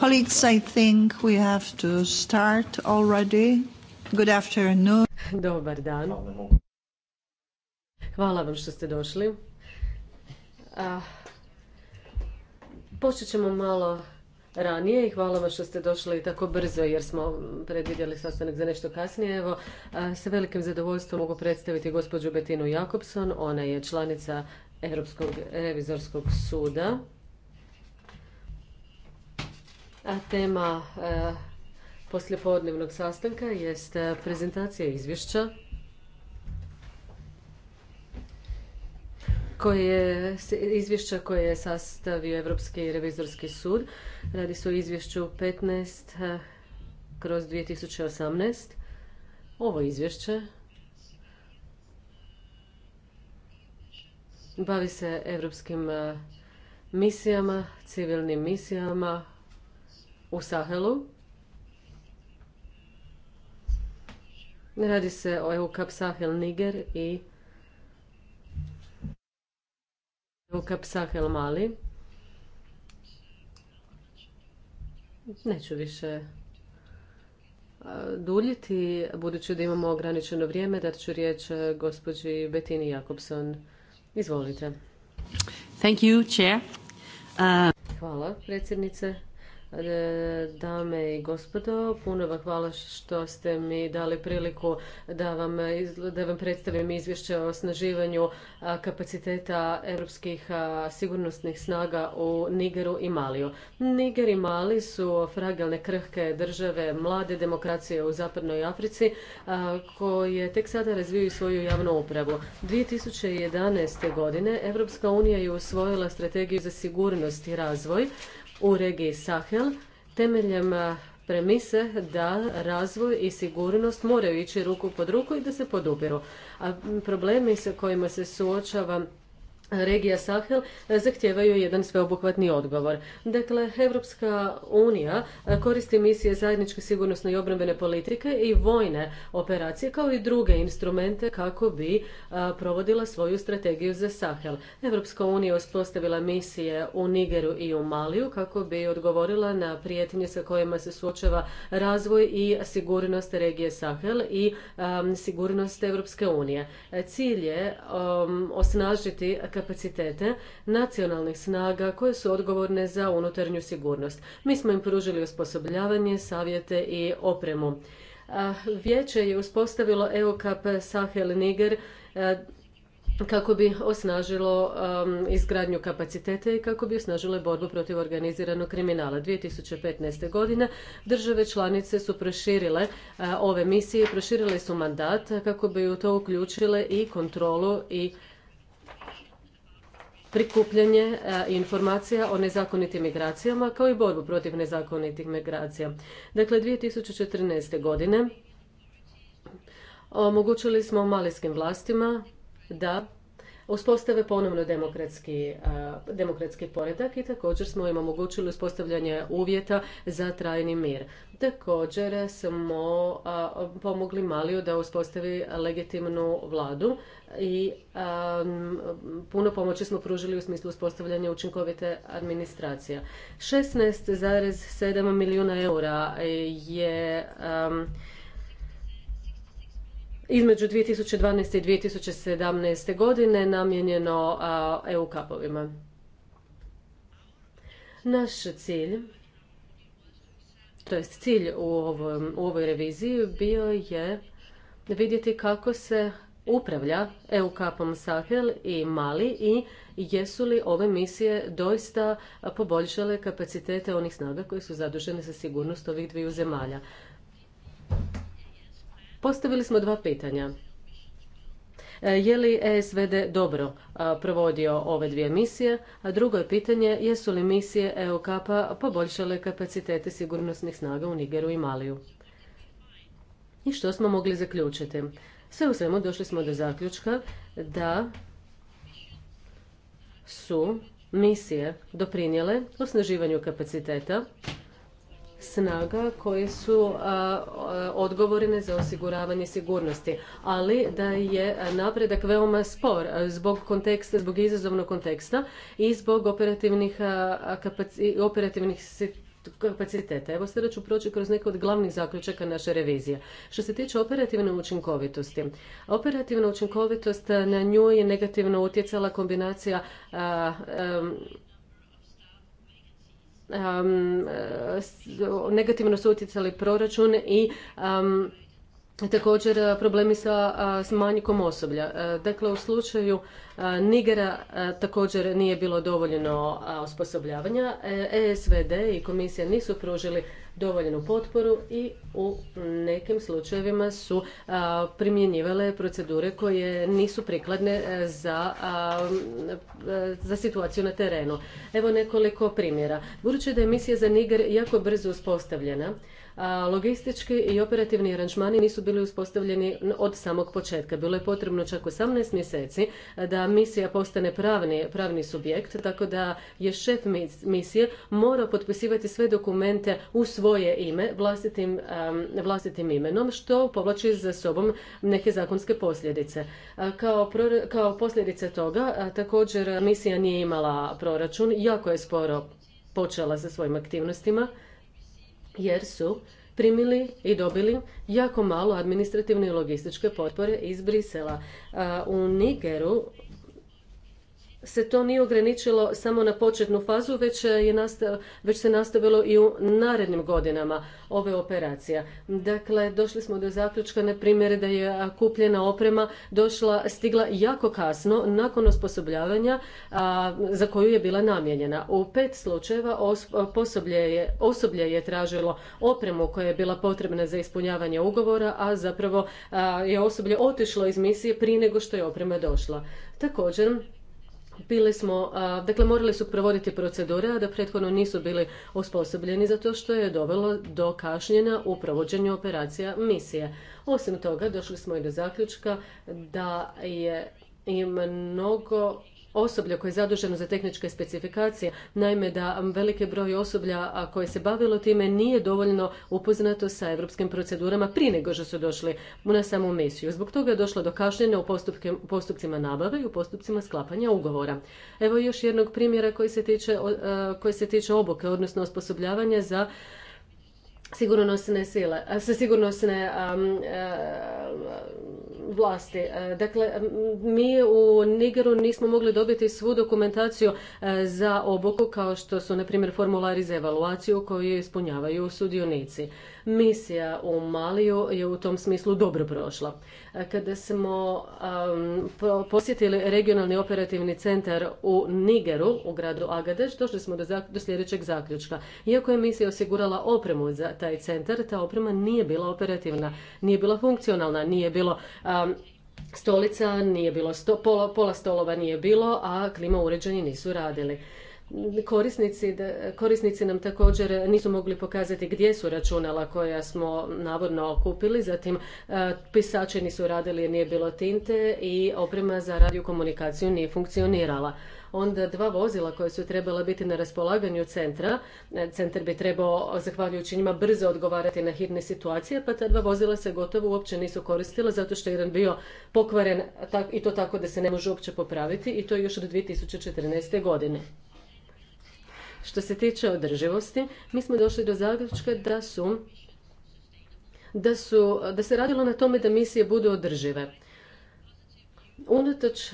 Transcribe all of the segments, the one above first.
Colleagues, I think we have to start already. Good afternoon. Dobar dan. Hvala vam što ste došli. počet ćemo malo ranije i hvala vam što ste došli tako brzo jer smo predvidjeli sastanak za nešto kasnije. Evo, sa velikim zadovoljstvom mogu predstaviti gospođu Betinu Jakobson. Ona je članica Europskog revizorskog suda a tema e, poslijepodnevnog sastanka jest e, prezentacija izvješća koje, izvješća koje je sastavio Europski revizorski sud. Radi se o izvješću 15 e, kroz 2018. Ovo izvješće bavi se europskim e, misijama, civilnim misijama u Sahelu. Radi se o EUCAP Sahel Niger i EUCAP Sahel Mali. Neću više duljiti, budući da imamo ograničeno vrijeme, dat ću riječ gospođi Bettini Jakobson. Izvolite. Thank you, Hvala, predsjednice. E, dame i gospodo, puno vam hvala što ste mi dali priliku da vam, da vam predstavim izvješće o osnaživanju kapaciteta europskih sigurnosnih snaga u Nigeru i Maliju. Niger i Mali su fragilne krhke države, mlade demokracije u zapadnoj Africi koje tek sada razvijaju svoju javnu upravu. 2011. godine Europska unija je usvojila strategiju za sigurnost i razvoj u regiji Sahel temeljem premise da razvoj i sigurnost moraju ići ruku pod ruku i da se podupiru. A problemi sa kojima se suočava regija Sahel e, zahtijevaju jedan sveobuhvatni odgovor. Dakle, Evropska unija e, koristi misije zajedničke sigurnosne i obrambene politike i vojne operacije kao i druge instrumente kako bi e, provodila svoju strategiju za Sahel. Evropska unija uspostavila misije u Nigeru i u Maliju kako bi odgovorila na prijetnje sa kojima se suočava razvoj i sigurnost regije Sahel i sigurnost Evropske unije. Cilj je osnažiti osnažiti kapacitete nacionalnih snaga koje su odgovorne za unutarnju sigurnost. Mi smo im pružili osposobljavanje, savjete i opremu. Vijeće je uspostavilo EUKAP Sahel Niger kako bi osnažilo izgradnju kapaciteta i kako bi osnažile borbu protiv organiziranog kriminala. 2015. godine države članice su proširile ove misije, proširile su mandat kako bi u to uključile i kontrolu i prikupljanje e, informacija o nezakonitim migracijama kao i borbu protiv nezakonitih migracija. Dakle, 2014. godine omogućili smo malijskim vlastima da uspostave ponovno demokratski, eh, demokratski poredak i također smo im omogućili uspostavljanje uvjeta za trajni mir. Također smo eh, pomogli Maliju da uspostavi legitimnu vladu i ehm, puno pomoći smo pružili u smislu uspostavljanja učinkovite administracije. 16,7 milijuna eura je ehm, između 2012. i 2017. godine namijenjeno EU kapovima. Naš cilj, to cilj u, ovoj reviziji bio je vidjeti kako se upravlja EU kapom Sahel i Mali i jesu li ove misije doista poboljšale kapacitete onih snaga koji su zadužene za sigurnost ovih dviju zemalja. Postavili smo dva pitanja. E, je li ESVD dobro e, provodio ove dvije misije? A drugo je pitanje, jesu li misije EUK poboljšale kapacitete sigurnosnih snaga u Nigeru i Maliju? I što smo mogli zaključiti? Sve u svemu došli smo do zaključka da su misije doprinijele osnaživanju kapaciteta snaga koje su odgovorne za osiguravanje sigurnosti, ali da je napredak veoma spor zbog konteksta, zbog izazovnog konteksta i zbog operativnih, kapaciteta. Evo sada ću proći kroz neke od glavnih zaključaka naše revizije. Što se tiče operativne učinkovitosti, operativna učinkovitost na nju je negativno utjecala kombinacija E, negativno su utjecali proračun i također e, problemi sa, s manjkom osoblja. E, dakle, u slučaju e, Nigera također nije bilo dovoljno osposobljavanja. ESVD i komisija nisu pružili dovoljnu potporu i u nekim slučajevima su primjenjivale procedure koje nisu prikladne za, za situaciju na terenu. Evo nekoliko primjera. Budući da je misija za Niger jako brzo uspostavljena, logistički i operativni aranžmani nisu bili uspostavljeni od samog početka. Bilo je potrebno čak 18 mjeseci da misija postane pravni, subjekt, tako da je šef misije morao potpisivati sve dokumente u svoje ime, vlastitim, imenom, što povlači za sobom neke zakonske posljedice. Kao, kao posljedice toga, također misija nije imala proračun, jako je sporo počela sa svojim aktivnostima jer su primili i dobili jako malo administrativne i logističke potpore iz Brisela. U Nigeru se to nije ograničilo samo na početnu fazu, već, je već se nastavilo i u narednim godinama ove operacija. Dakle, došli smo do zaključka, na primjer, da je kupljena oprema došla, stigla jako kasno, nakon osposobljavanja za koju je bila namijenjena. U pet slučajeva osoblje je, osoblje je tražilo opremu koja je bila potrebna za ispunjavanje ugovora, a zapravo je osoblje otišlo iz misije prije nego što je oprema došla. Također, bili smo, dakle morali su provoditi procedure, a da prethodno nisu bili osposobljeni zato što je dovelo do kašnjenja u provođenju operacija misije. Osim toga, došli smo i do zaključka da je mnogo osoblja koje je zaduženo za tehničke specifikacije. Naime, da veliki broj osoblja koje se bavilo time nije dovoljno upoznato sa europskim procedurama prije nego što su došli na samu misiju. Zbog toga je došlo do kašnjenja u postupcima nabave i u postupcima sklapanja ugovora. Evo još jednog primjera koji se tiče, koji se tiče obuke, odnosno osposobljavanja za sigurnosne sile, sigurnosne vlasti. E, dakle, mi u Nigeru nismo mogli dobiti svu dokumentaciju e, za obuku kao što su, na primjer, formulari za evaluaciju koju ispunjavaju sudionici. Misija u Maliju je u tom smislu dobro prošla. E, kada smo posjetili regionalni operativni centar u Nigeru, u gradu Agadeš, došli smo do, do sljedećeg zaključka. Iako je misija osigurala opremu za taj centar, ta oprema nije bila operativna, nije bila funkcionalna, nije bilo stolica, nije bilo sto, pola, pola stolova nije bilo, a klima uređaji nisu radili. Korisnici, nam također nisu mogli pokazati gdje su računala koja smo navodno kupili, zatim e, pisači nisu radili jer nije bilo tinte i oprema za radiokomunikaciju nije funkcionirala. Onda dva vozila koja su trebala biti na raspolaganju centra, e, centar bi trebao, zahvaljujući njima, brzo odgovarati na hitne situacije, pa ta dva vozila se gotovo uopće nisu koristila zato što je jedan bio pokvaren i to tako da se ne može uopće popraviti i to još od 2014. godine. Što se tiče održivosti, mi smo došli do zaključka da su da, su, da se radilo na tome da misije budu održive. Unatoč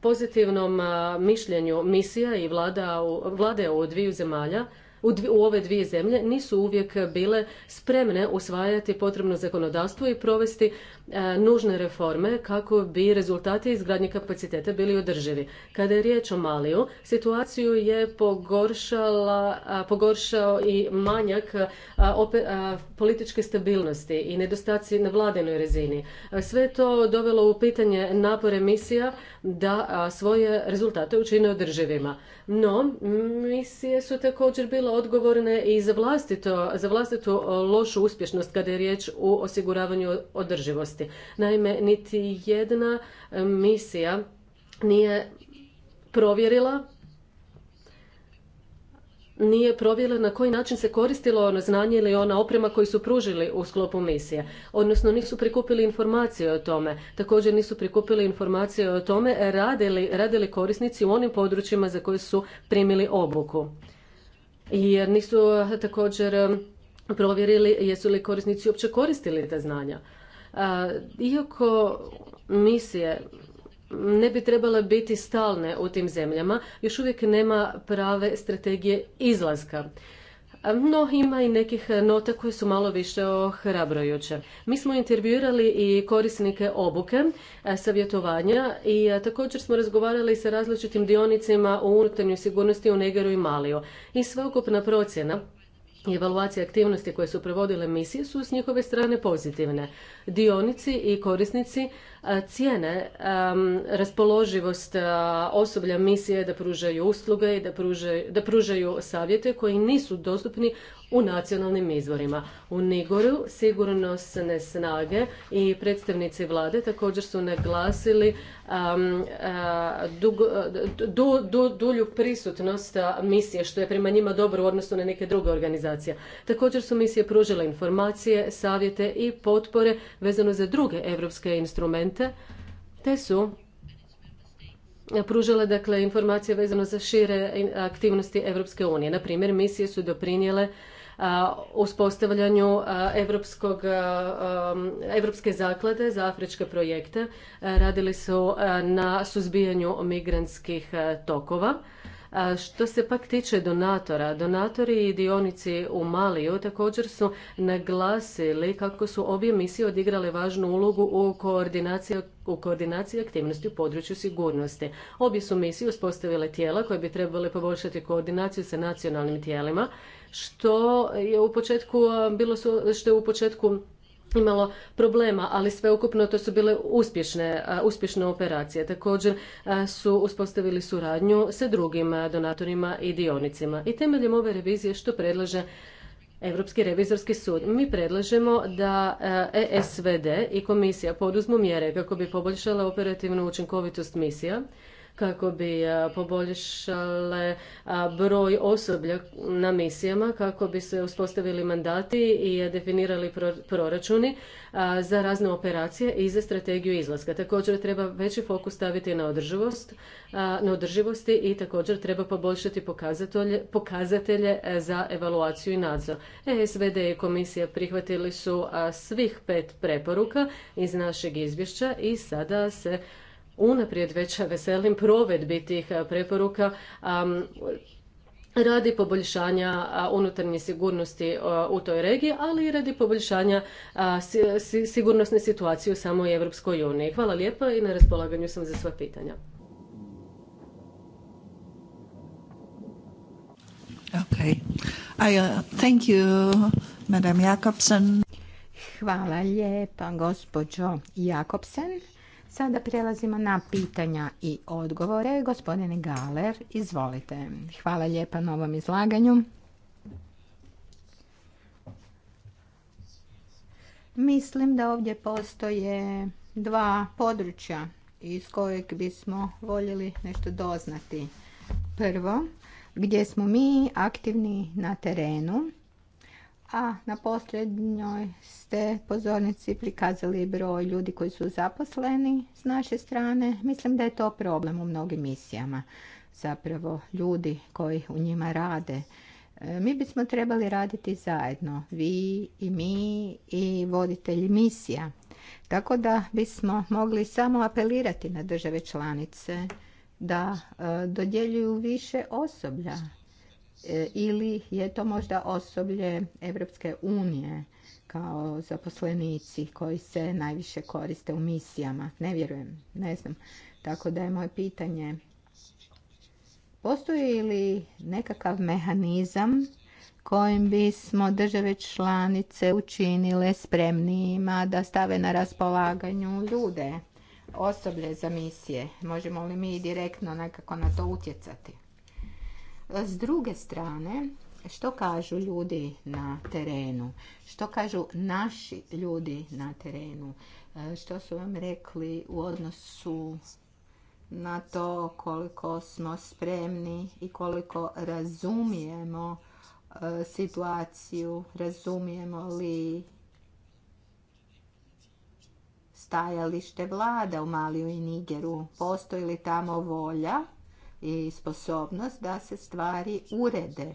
pozitivnom mišljenju misija i vlada, vlade u dviju zemalja, u, u ove dvije zemlje nisu uvijek bile spremne usvajati potrebno zakonodavstvo i provesti E, nužne reforme kako bi rezultati izgradnje kapaciteta bili održivi. Kada je riječ o Maliju, situaciju je pogoršala, pogoršao i manjak političke stabilnosti i nedostaci na vladenoj razini. Sve to dovelo u pitanje napore misija da svoje rezultate učine održivima. No, misije su također bile odgovorne i za, vlastito, za vlastitu lošu uspješnost kada je riječ u osiguravanju održivosti. Naime, niti jedna e, misija nije provjerila nije provjerila na koji način se koristilo ono znanje ili ona oprema koju su pružili u sklopu misije. Odnosno nisu prikupili informacije o tome. Također nisu prikupili informacije o tome radili, radili korisnici u onim područjima za koje su primili obuku. Jer nisu e, također e, provjerili jesu li korisnici uopće koristili ta znanja. Iako misije ne bi trebale biti stalne u tim zemljama, još uvijek nema prave strategije izlaska. No, ima i nekih nota koje su malo više ohrabrojuće. Mi smo intervjuirali i korisnike obuke, savjetovanja i također smo razgovarali sa različitim dionicima u unutarnjoj sigurnosti u Negeru i Maliju. I sveukupna procjena i evaluacije aktivnosti koje su provodile misije su s njihove strane pozitivne. Dionici i korisnici cijene raspoloživost osoblja misije da pružaju usluge i da pružaju, savjete koji nisu dostupni u nacionalnim izvorima. U Nigoru sigurnosne snage i predstavnici vlade također su naglasili dulju prisutnost misije, što je prema njima dobro u odnosu na neke druge organizacije. Također su misije pružile informacije, savjete i potpore vezano za druge europske instrumente dokumente, te su pružale dakle informacije vezano za šire aktivnosti Europske unije. Na primjer, misije su doprinijele uspostavljanju Europske Evropske zaklade za afričke projekte. Radili su na suzbijanju migrantskih tokova. Što se pak tiče donatora, donatori i dionici u Maliju također su naglasili kako su obje misije odigrale važnu ulogu u koordinaciji u koordinaciji aktivnosti u području sigurnosti. Obje su misije uspostavile tijela koje bi trebale poboljšati koordinaciju sa nacionalnim tijelima, što je u početku bilo su, što je u početku imalo problema, ali sveukupno to su bile uspješne, uspješne operacije. Također su uspostavili suradnju sa drugim donatorima i dionicima. I temeljem ove revizije što predlaže Europski revizorski sud. Mi predlažemo da ESVD i komisija poduzmu mjere kako bi poboljšala operativnu učinkovitost misija kako bi e, poboljšale e, broj osoblja na misijama, kako bi se uspostavili mandati i definirali proračuni e, za razne operacije i za strategiju izlaska. Također treba veći fokus staviti na održivost, na održivosti i također treba poboljšati pokazatelje, za evaluaciju i nadzor. ESVD i komisija prihvatili su svih pet preporuka iz našeg izvješća i sada se unaprijed već veselim provedbi tih e, preporuka radi poboljšanja unutarnje sigurnosti e, u toj regiji, ali i radi poboljšanja sigurnosne situacije u samoj Europskoj uniji. Hvala lijepa i na raspolaganju sam za sva pitanja. Uh, Hvala lijepa, gospođo Jakobsen. Sada prelazimo na pitanja i odgovore. Gospodine Galer, izvolite. Hvala lijepa na ovom izlaganju. Mislim da ovdje postoje dva područja iz kojeg bismo voljeli nešto doznati. Prvo, gdje smo mi aktivni na terenu a na posljednjoj ste pozornici prikazali broj ljudi koji su zaposleni s naše strane. Mislim da je to problem u mnogim misijama, zapravo ljudi koji u njima rade. E, mi bismo trebali raditi zajedno, vi i mi i voditelji misija. Tako da bismo mogli samo apelirati na države članice da e, dodjeljuju više osoblja E, ili je to možda osoblje Evropske unije kao zaposlenici koji se najviše koriste u misijama. Ne vjerujem, ne znam. Tako da je moje pitanje postoji li nekakav mehanizam kojim bismo države članice učinile spremnijima da stave na raspolaganju ljude, osoblje za misije? Možemo li mi direktno nekako na to utjecati? S druge strane, što kažu ljudi na terenu? Što kažu naši ljudi na terenu? E, što su vam rekli u odnosu na to koliko smo spremni i koliko razumijemo e, situaciju, razumijemo li stajalište vlada u Maliju i Nigeru, postoji li tamo volja i sposobnost da se stvari urede.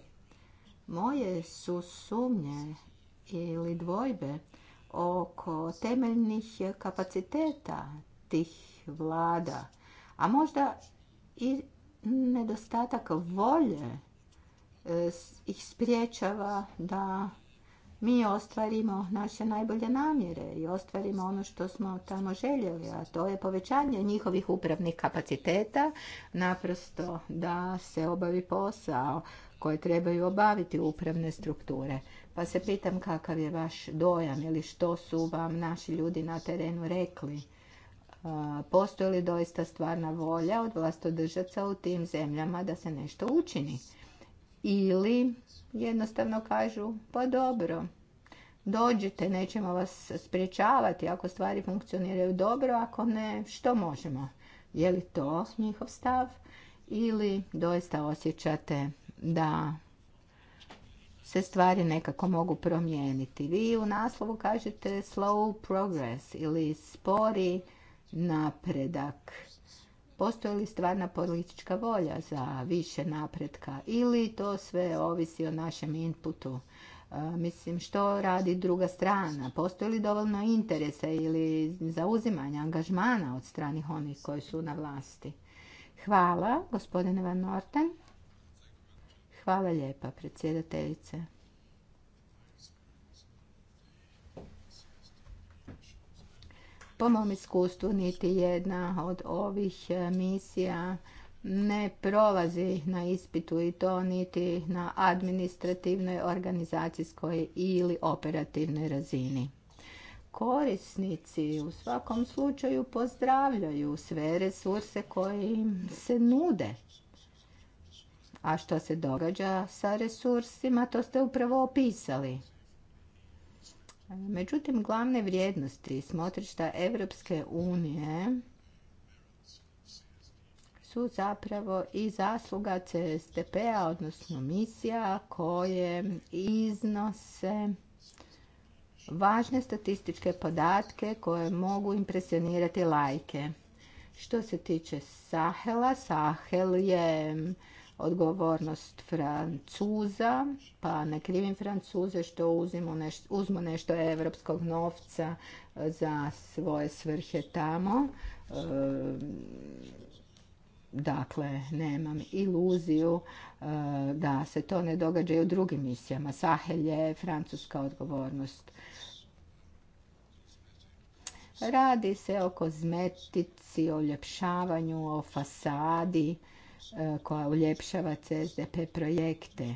Moje su sumnje ili dvojbe oko temeljnih kapaciteta tih vlada, a možda i nedostatak volje e, ih spriječava da mi ostvarimo naše najbolje namjere i ostvarimo ono što smo tamo željeli, a to je povećanje njihovih upravnih kapaciteta, naprosto da se obavi posao koje trebaju obaviti upravne strukture. Pa se pitam kakav je vaš dojam ili što su vam naši ljudi na terenu rekli. Postoji li doista stvarna volja od vlastodržaca u tim zemljama da se nešto učini? ili jednostavno kažu pa dobro, dođite, nećemo vas spriječavati ako stvari funkcioniraju dobro, ako ne, što možemo. Je li to njihov stav ili doista osjećate da se stvari nekako mogu promijeniti. Vi u naslovu kažete slow progress ili spori napredak. Postoji li stvarna politička volja za više napretka ili to sve ovisi o našem inputu? E, mislim, što radi druga strana? Postoji li dovoljno interesa ili zauzimanja, angažmana od stranih onih koji su na vlasti? Hvala, gospodine Van Norten. Hvala lijepa, predsjedateljice. Po mom iskustvu niti jedna od ovih e, misija ne prolazi na ispitu i to niti na administrativnoj, organizacijskoj ili operativnoj razini. Korisnici u svakom slučaju pozdravljaju sve resurse koji im se nude. A što se događa sa resursima, to ste upravo opisali. Međutim, glavne vrijednosti smotrišta Evropske unije su zapravo i zasluga CSTP-a, odnosno misija koje iznose važne statističke podatke koje mogu impresionirati lajke. Što se tiče Sahela, Sahel je odgovornost Francuza, pa ne krivim Francuze što uzmu nešto evropskog novca e, za svoje svrhe tamo. E, dakle, nemam iluziju e, da se to ne događa i u drugim misijama. Sahel je francuska odgovornost. Radi se o kozmetici, o ljepšavanju, o fasadi. E, koja uljepšava CSDP projekte.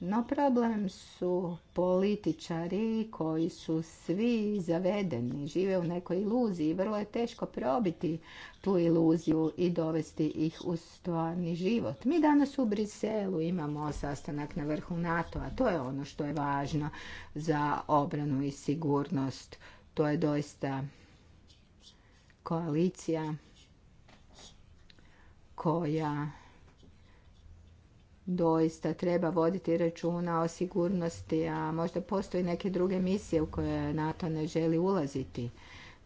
No problem su političari koji su svi zavedeni, žive u nekoj iluziji. Vrlo je teško probiti tu iluziju i dovesti ih u stvarni život. Mi danas u Briselu imamo sastanak na vrhu NATO, a to je ono što je važno za obranu i sigurnost. To je doista koalicija koja doista treba voditi računa o sigurnosti, a možda postoji neke druge misije u koje NATO ne želi ulaziti.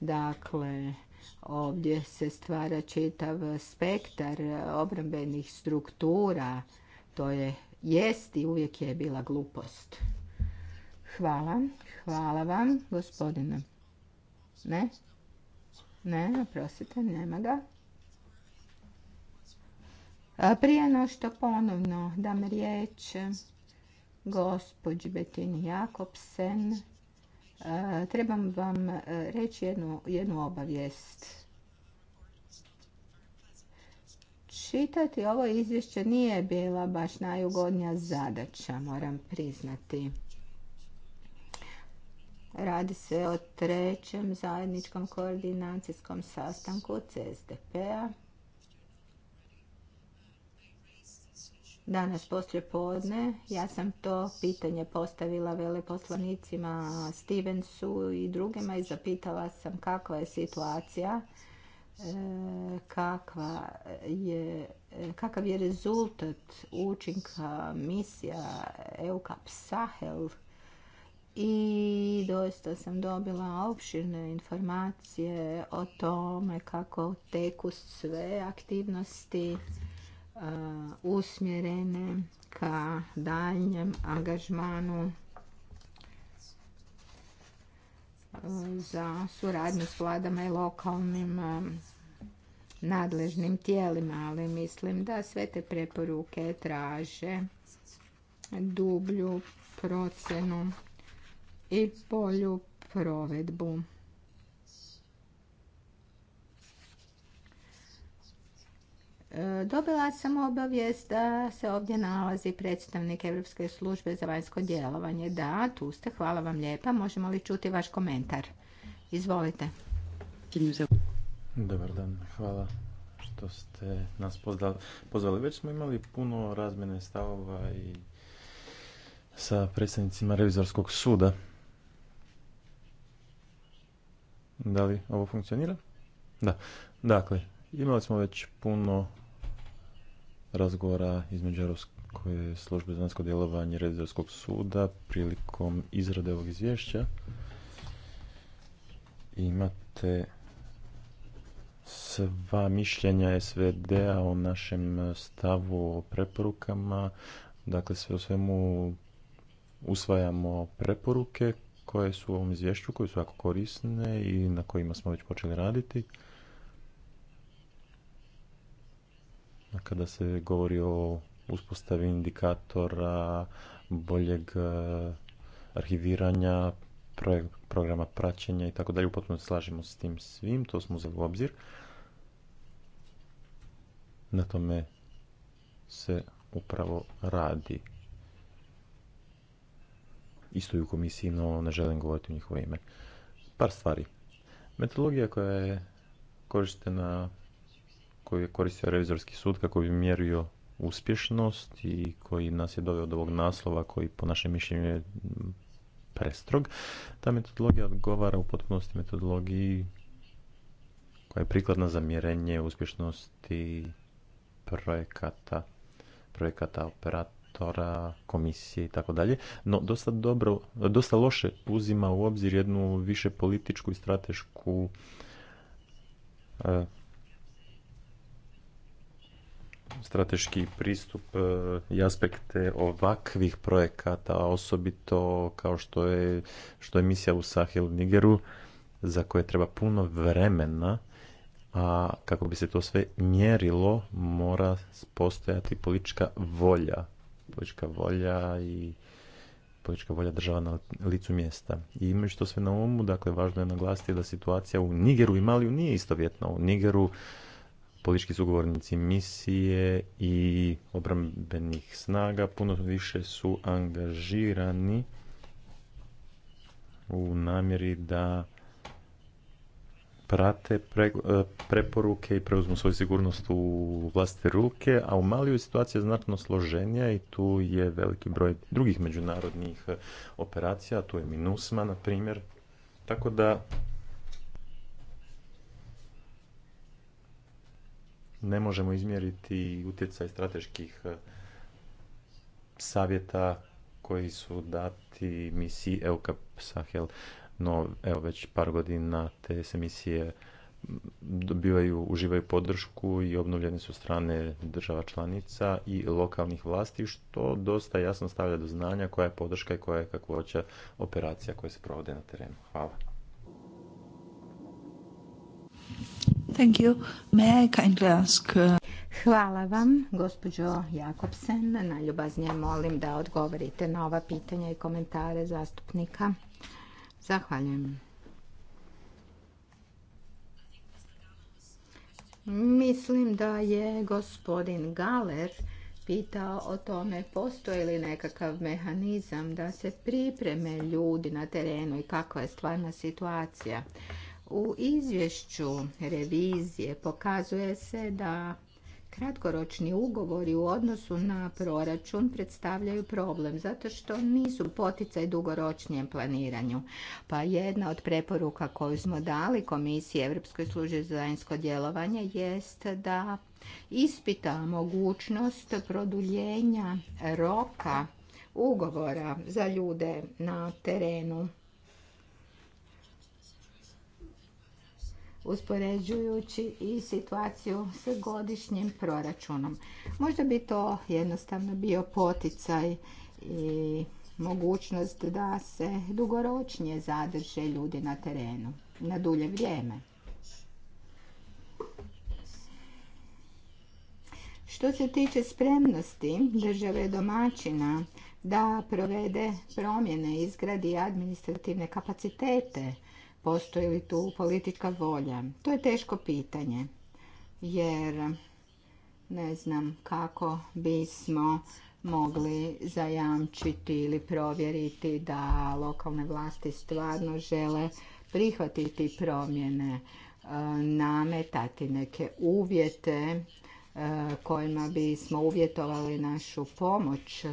Dakle, ovdje se stvara čitav spektar obrambenih struktura. To je jest i uvijek je bila glupost. Hvala. Hvala vam, gospodine. Ne? Ne, prosite, nema ga. Prije no što ponovno dam riječ gospođi Betini Jakobsen, e, trebam vam e, reći jednu, obavijest. Čitati ovo izvješće nije bila baš najugodnija zadaća, moram priznati. Radi se o trećem zajedničkom koordinacijskom sastanku CSDP-a Danas poslije podne ja sam to pitanje postavila veleposlanicima Stevensu i drugima i zapitala sam kakva je situacija, e, kakva je, kakav je rezultat učinka misija EUCAP Sahel i doista sam dobila opširne informacije o tome kako teku sve aktivnosti usmjerene ka daljnjem angažmanu za suradnju s vladama i lokalnim nadležnim tijelima, ali mislim da sve te preporuke traže dublju procenu i bolju provedbu. Dobila sam obavijest da se ovdje nalazi predstavnik Europske službe za vanjsko djelovanje. Da, tu ste, hvala vam lijepa. Možemo li čuti vaš komentar? Izvolite. Dobar dan, hvala što ste nas pozvali. Već smo imali puno razmjene stavova i sa predstavnicima revizorskog suda. Da li ovo funkcionira? Da. Dakle, imali smo već puno razgovora između Europske službe za vanjsko djelovanje revizorskog suda prilikom izrade ovog izvješća. Imate sva mišljenja SVD-a o našem stavu o preporukama. Dakle, sve u svemu usvajamo preporuke koje su u ovom izvješću, koje su jako korisne i na kojima smo već počeli raditi. kada se govori o uspostavi indikatora, boljeg e, arhiviranja, programa praćenja i tako dalje. Upotpuno slažemo s tim svim, to smo uzeli u obzir. Na tome se upravo radi. Isto i u komisiji, no ne želim govoriti u njihovo ime. Par stvari. Metodologija koja je korištena koji je koristio revizorski sud kako bi mjerio uspješnost i koji nas je doveo do ovog naslova koji po našem mišljenju je prestrog. Ta metodologija odgovara u potpunosti metodologiji koja je prikladna za mjerenje uspješnosti projekata, projekata operatora, komisije i tako dalje, no dosta, dobro, dosta loše uzima u obzir jednu više političku i stratešku e, strateški pristup e, i aspekte ovakvih projekata, osobito kao što je, što je misija u Sahel Nigeru, za koje treba puno vremena, a kako bi se to sve mjerilo, mora postojati politička volja. Politička volja i politička volja država na licu mjesta. I imajući to sve na umu, dakle, važno je naglasiti da situacija u Nigeru i Maliju nije istovjetna. U Nigeru politički sugovornici misije i obrambenih snaga puno više su angažirani u namjeri da prate e, preporuke i preuzmu svoju sigurnost u vlastite ruke, a u Maliju je situacija znatno složenija i tu je veliki broj drugih međunarodnih operacija, tu je MINUSMA, na primjer. Tako da ne možemo izmjeriti utjecaj strateških e, savjeta koji su dati misiji EUCAP Sahel. No, evo, već par godina te se misije dobivaju, uživaju podršku i obnovljene su strane država članica i lokalnih vlasti, što dosta jasno stavlja do znanja koja je podrška i koja je kakvoća operacija koje se provode na terenu. Hvala. Thank you. Uh, Hvala vam, gospođo Jakobsen. Najljubaznije molim da odgovorite na ova pitanja i komentare zastupnika. Zahvaljujem. Mislim da je gospodin Galer pitao o tome postoji li nekakav mehanizam da se pripreme ljudi na terenu i kakva je stvarna situacija. U izvješću revizije pokazuje se da kratkoročni ugovori u odnosu na proračun predstavljaju problem zato što nisu poticaj dugoročnijem planiranju. Pa jedna od preporuka koju smo dali Komisiji Europskoj službi za vanjsko djelovanje jest da ispita mogućnost produljenja roka ugovora za ljude na terenu uspoređujući i situaciju s godišnjim proračunom. Možda bi to jednostavno bio poticaj i mogućnost da se dugoročnije zadrže ljudi na terenu na dulje vrijeme. Što se tiče spremnosti države domaćina da provede promjene, izgradi administrativne kapacitete Postoji li tu politika volja? To je teško pitanje, jer ne znam kako bismo mogli zajamčiti ili provjeriti da lokalne vlasti stvarno žele prihvatiti promjene, e, nametati neke uvjete e, kojima bismo uvjetovali našu pomoć.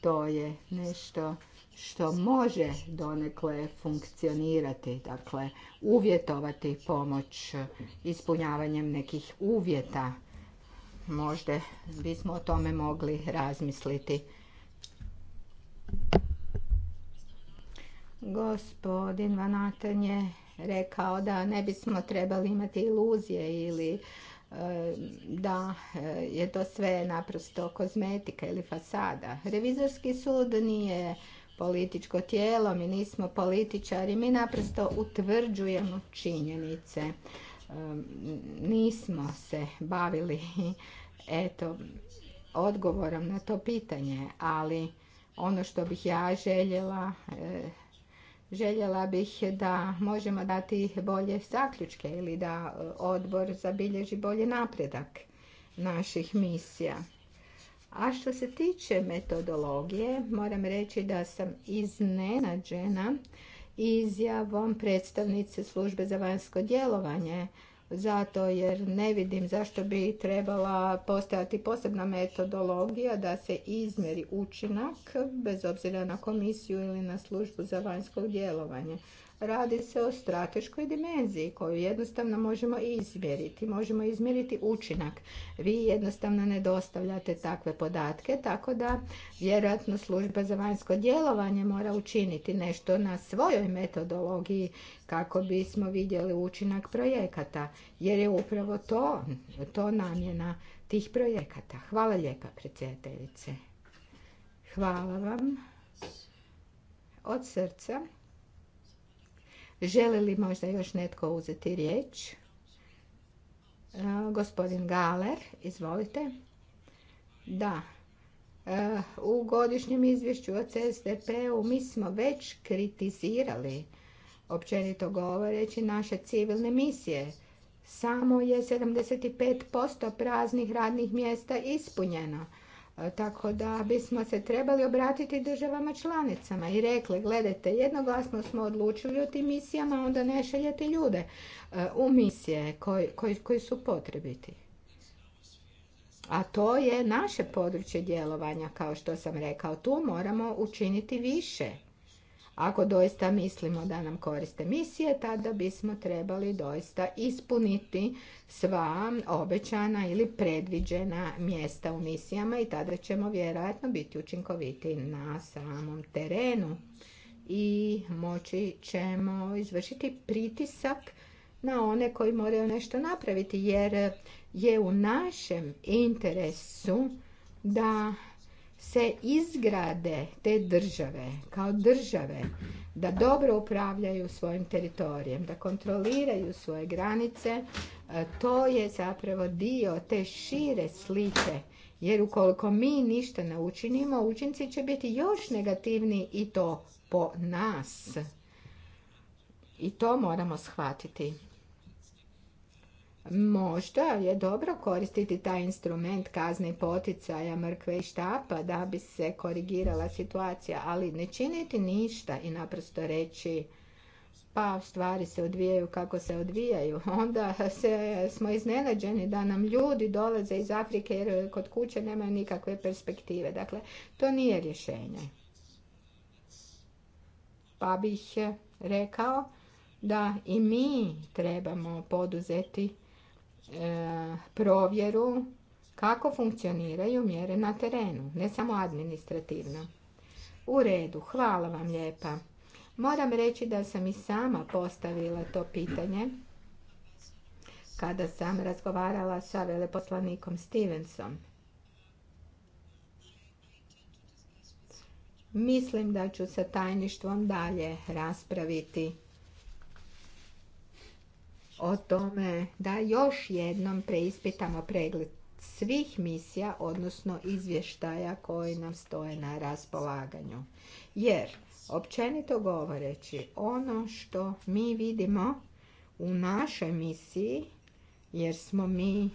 To je nešto što može donekle funkcionirati, dakle uvjetovati pomoć ispunjavanjem nekih uvjeta. Možda bismo o tome mogli razmisliti. Gospodin Vanatan je rekao da ne bismo trebali imati iluzije ili e, da e, je to sve naprosto kozmetika ili fasada. Revizorski sud nije političko tijelo, mi nismo političari, mi naprosto utvrđujemo činjenice. Nismo se bavili eto, odgovorom na to pitanje, ali ono što bih ja željela e, Željela bih da možemo dati bolje zaključke ili da e, odbor zabilježi bolji napredak naših misija. A što se tiče metodologije, moram reći da sam iznenađena izjavom predstavnice službe za vanjsko djelovanje zato jer ne vidim zašto bi trebala postojati posebna metodologija da se izmjeri učinak bez obzira na komisiju ili na službu za vanjsko djelovanje. Radi se o strateškoj dimenziji koju jednostavno možemo izmjeriti. Možemo izmjeriti učinak. Vi jednostavno ne dostavljate takve podatke, tako da vjerojatno služba za vanjsko djelovanje mora učiniti nešto na svojoj metodologiji kako bismo vidjeli učinak projekata. Jer je upravo to, to namjena tih projekata. Hvala lijepa predsjedateljice. Hvala vam od srca. Želi li možda još netko uzeti riječ? E, gospodin Galer, izvolite. Da, e, u godišnjem izvješću o CSDP-u mi smo već kritizirali, općenito govoreći, naše civilne misije. Samo je 75% praznih radnih mjesta ispunjeno. E, tako da bismo se trebali obratiti državama članicama i rekli, gledajte, jednoglasno smo odlučili o tim misijama, onda ne šaljete ljude e, u misije koji, koji su potrebiti. A to je naše područje djelovanja, kao što sam rekao. Tu moramo učiniti više. Ako doista mislimo da nam koriste misije, tada bismo trebali doista ispuniti sva obećana ili predviđena mjesta u misijama i tada ćemo vjerojatno biti učinkoviti na samom terenu i moći ćemo izvršiti pritisak na one koji moraju nešto napraviti jer je u našem interesu da se izgrade te države kao države, da dobro upravljaju svojim teritorijem, da kontroliraju svoje granice, e, to je zapravo dio te šire slike. Jer ukoliko mi ništa ne učinimo, učinci će biti još negativni i to po nas. I to moramo shvatiti. Možda je dobro koristiti taj instrument kazne poticaja mrkve i štapa da bi se korigirala situacija, ali ne činiti ništa i naprosto reći pa stvari se odvijaju kako se odvijaju. Onda se, smo iznenađeni da nam ljudi dolaze iz Afrike jer kod kuće nemaju nikakve perspektive. Dakle, to nije rješenje. Pa bih rekao da i mi trebamo poduzeti E, provjeru kako funkcioniraju mjere na terenu, ne samo administrativno. U redu, hvala vam lijepa. Moram reći da sam i sama postavila to pitanje kada sam razgovarala sa veleposlanikom Stevensom. Mislim da ću sa tajništvom dalje raspraviti o tome da još jednom preispitamo pregled svih misija, odnosno izvještaja koji nam stoje na raspolaganju. Jer, općenito govoreći, ono što mi vidimo u našoj misiji, jer smo mi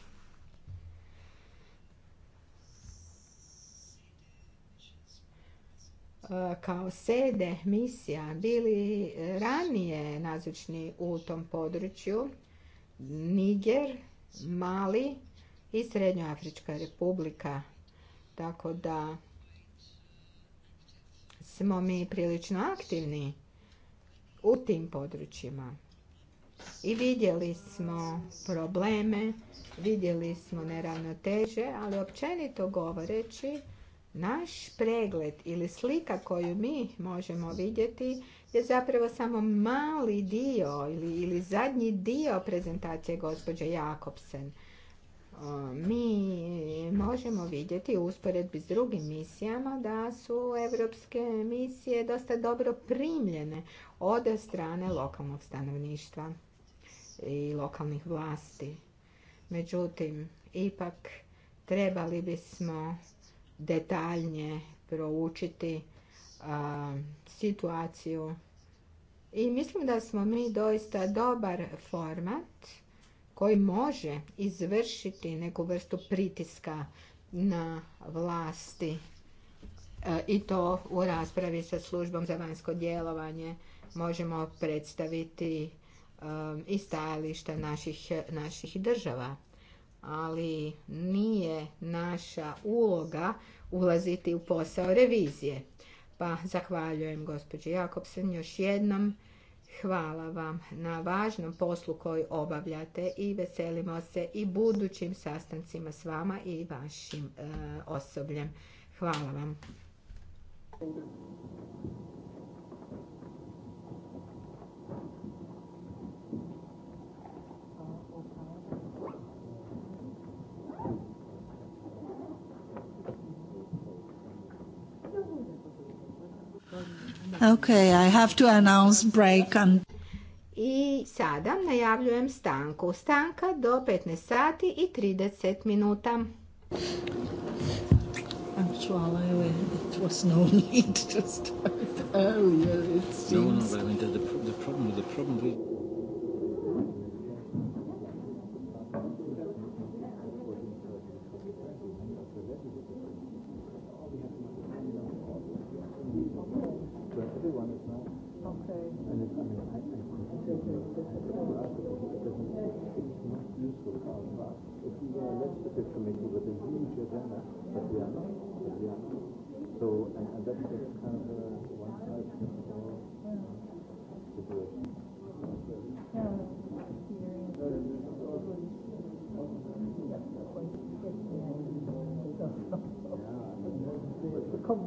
E, kao sede misija bili ranije nazočni u tom području Niger, Mali i Srednjoafrička republika. Tako da smo mi prilično aktivni u tim područjima. I vidjeli smo probleme, vidjeli smo neravnoteže, ali općenito govoreći naš pregled ili slika koju mi možemo vidjeti je zapravo samo mali dio ili, zadnji dio prezentacije gospođe Jakobsen. Mi možemo vidjeti u usporedbi s drugim misijama da su evropske misije dosta dobro primljene od strane lokalnog stanovništva i lokalnih vlasti. Međutim, ipak trebali bismo detaljnije proučiti situaciju. I mislim da smo mi doista dobar format koji može izvršiti neku vrstu pritiska na vlasti i to u raspravi sa službom za vanjsko djelovanje možemo predstaviti i stajališta naših, naših država ali nije naša uloga ulaziti u posao revizije. Pa zahvaljujem gospođe Jakobsen još jednom. Hvala vam na važnom poslu koji obavljate i veselimo se i budućim sastancima s vama i vašim e, osobljem. Hvala vam. Okay, I have to announce break and... I sada najavljujem stanku. Stanka do 15 sati i 30 minuta. Actually, it was no need to start earlier, it seems. No, no, but I mean, the, the, the problem, the problem with...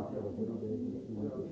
Ako ne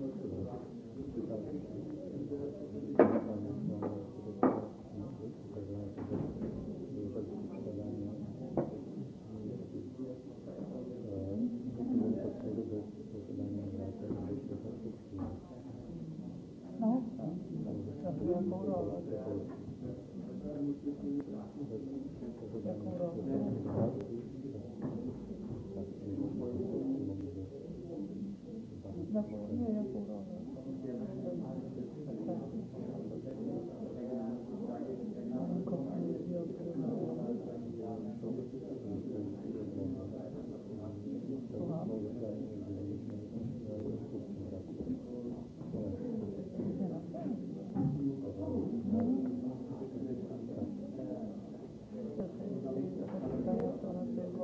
Ne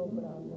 obranu.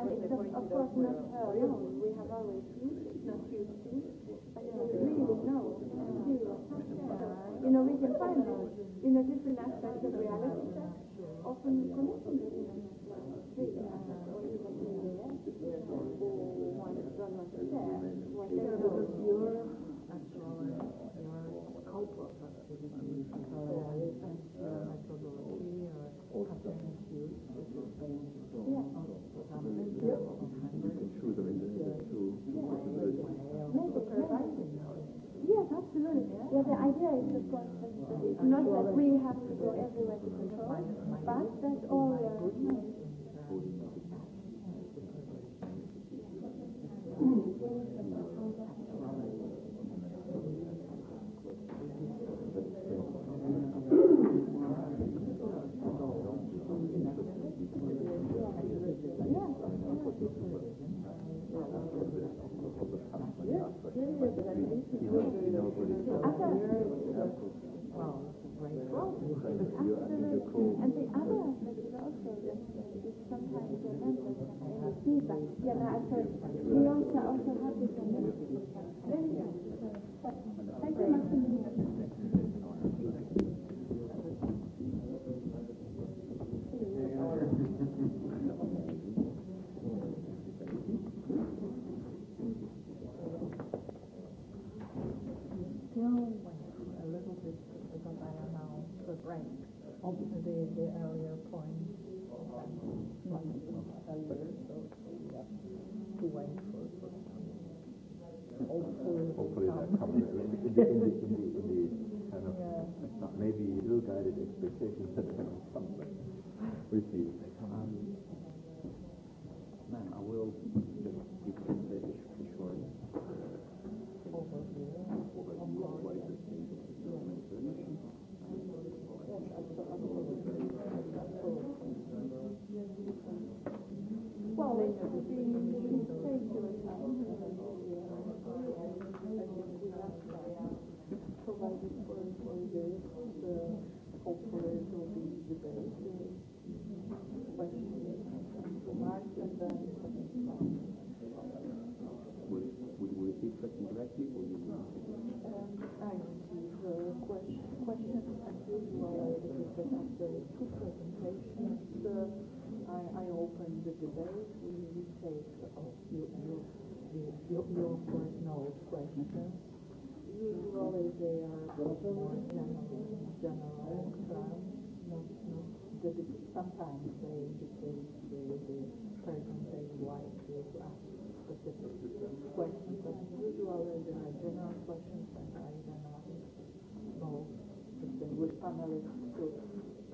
And it does, of course, not her own. We have always used it, not used to. But uh, really, no. You know, we can find it in a different aspect of reality. idea is, of not that we Uh, feedback. Yeah, but I said, we also, also have Hopefully, that comes in the, in the, in the, in the kind of yeah. maybe ill-guided expectations that come, but we see. very two presentations. Uh, I, I open the debate. We will take, oh, you, you, you, you, your of course know questions. Usually they are more general, general terms. Not, not the, sometimes they indicate the, the person they like to ask specific questions, but usually there are general questions and I then ask, no, distinguished panelists to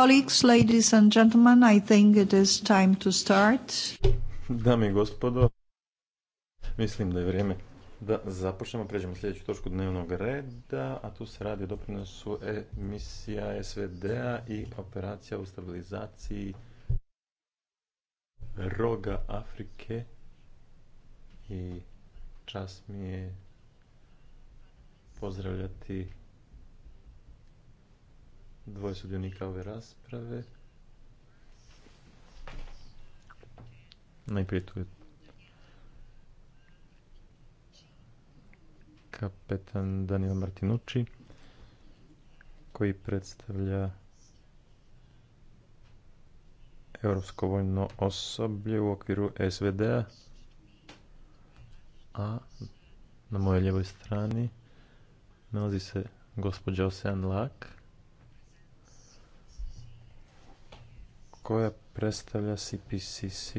colleagues, ladies and gentlemen, I think it is time to start. Dame i gospodo, mislim da je vrijeme da započnemo. Pređemo sljedeću točku dnevnog reda, a tu se radi o doprinosu emisija SVD-a i operacija u stabilizaciji roga Afrike i čas mi je pozdravljati dvoje sudionika ove rasprave. Najprije tu je kapetan Danilo Martinucci koji predstavlja Europsko vojno osoblje u okviru SVD-a a na mojoj ljevoj strani nalazi se gospođa Osean Lak koja predstavlja CPCC.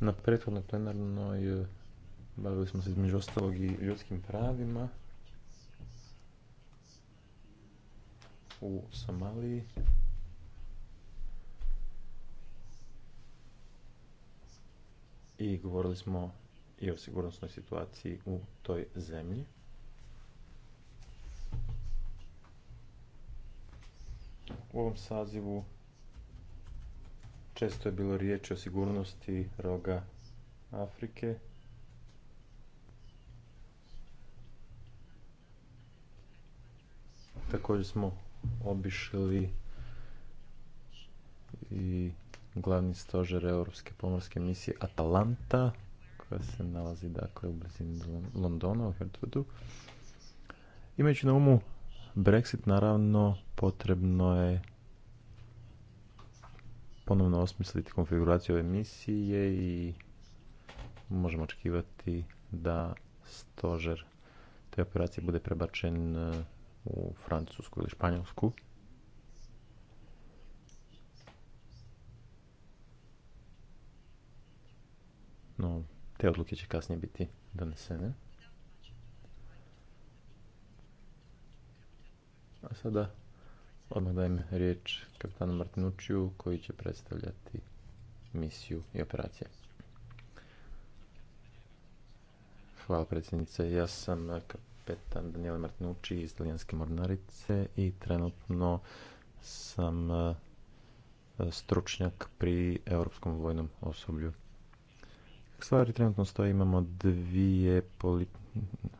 Na prethodnoj plenarnoj eh, bavili smo se između ostalog i ljudskim pravima u Somaliji. I govorili smo i o sigurnosnoj situaciji u toj zemlji. U ovom sazivu često je bilo riječi o sigurnosti roga Afrike. Također smo obišli i glavni stožer Europske pomorske misije Atalanta koja se nalazi dakle u blizini Londona u Hertfordu. Imajući na umu Brexit naravno potrebno je ponovno osmisliti konfiguraciju ove misije i možemo očekivati da stožer te operacije bude prebačen uh, u Francusku ili Španjolsku. No, te odluke će kasnije biti donesene. A sada odmah dajem riječ kapitanu Martinučiju koji će predstavljati misiju i operacije. Hvala predsjednice. Ja sam kapetan Daniel Martinući iz Italijanske mornarice i trenutno sam e, stručnjak pri Europskom vojnom osoblju stvari trenutno stoji Imamo dvije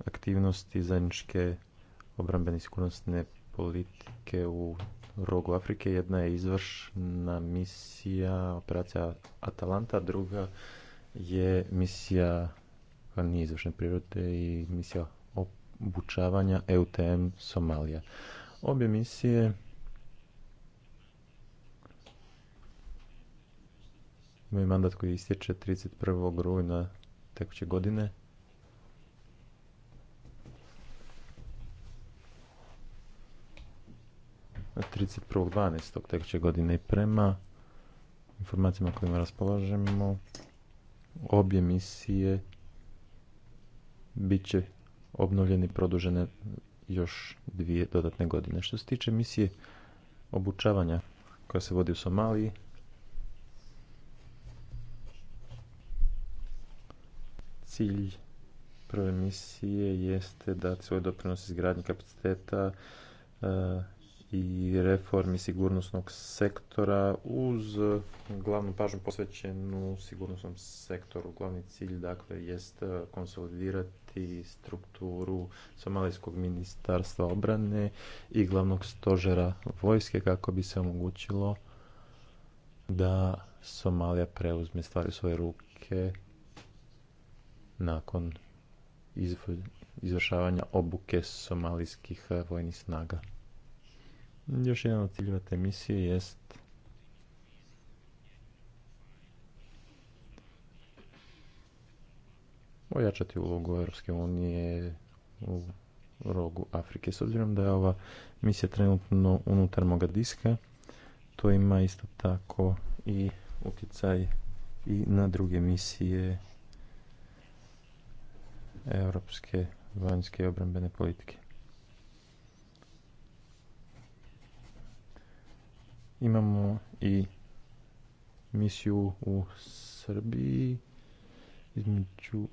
aktivnosti zajedničke obrambene i sigurnosne politike u rogu Afrike. Jedna je izvršna misija operacija Atalanta, druga je misija koja nije izvršne prirode i misija obučavanja EUTM Somalija. Obje misije Moj mandat koji istječe 31. rujna tekuće godine. Od 31.12. tekuće godine i prema informacijama kojima raspolažemo obje misije bit će obnovljene i produžene još dvije dodatne godine. Što se tiče misije obučavanja koja se vodi u Somaliji, Cilj prve misije jeste dati svoj doprinos izgradnji kapaciteta e, i reformi sigurnosnog sektora uz glavnu pažnju posvećenu sigurnosnom sektoru. Glavni cilj dakle jest konsolidirati strukturu Somalijskog ministarstva obrane i glavnog stožera vojske kako bi se omogućilo da Somalija preuzme stvari u svoje ruke nakon izvršavanja obuke somalijskih eh, vojnih snaga. Još jedan od ciljeva te misije jest ojačati ulogu Europske unije u rogu Afrike. S obzirom da je ova misija trenutno unutar moga diska, to ima isto tako i utjecaj i na druge misije europske vanjske i obrambene politike. Imamo i misiju u Srbiji između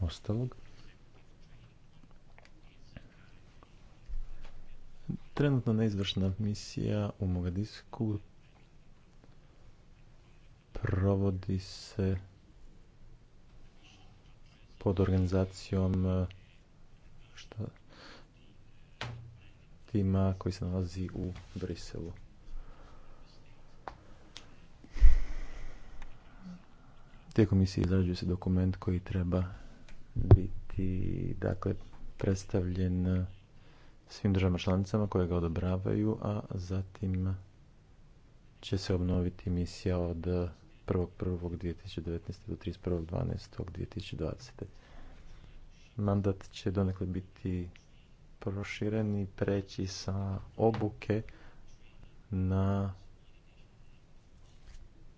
ostalog. Trenutno neizvršna misija u Mogadisku provodi se pod organizacijom e, tima koji se nalazi u Briselu. Te komisije izrađuje se dokument koji treba biti dakle, predstavljen svim državama članicama koje ga odobravaju, a zatim će se obnoviti misija od 1.1.2019. do 31.12.2020. Mandat će donekle biti proširen i preći sa obuke na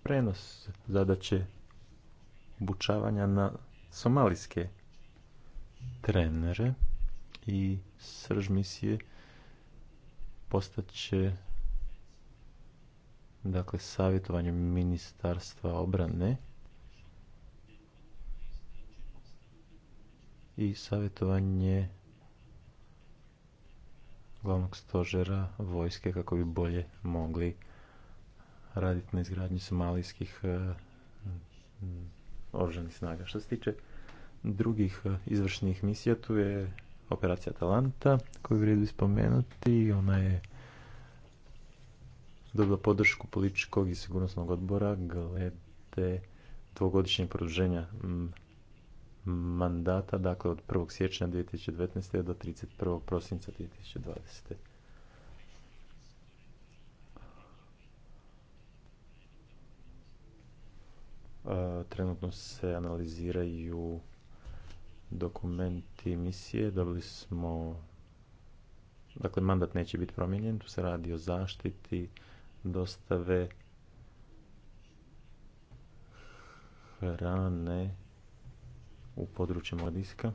prenos zadaće obučavanja na somalijske trenere i srž misije postaće dakle savjetovanje ministarstva obrane i savjetovanje glavnog stožera vojske kako bi bolje mogli raditi na izgradnji somalijskih e, oružanih snaga. Što se tiče drugih e, izvršnih misija, tu je operacija Atalanta koju vrijedi spomenuti. Ona je dobila podršku političkog i sigurnosnog odbora glede dvogodišnjeg produženja mandata, dakle od 1. siječnja 2019. do 31. prosinca 2020. Trenutno se analiziraju dokumenti misije. Dobili smo, dakle mandat neće biti promijenjen, tu se radi o zaštiti dostave hrane u području Mladiska.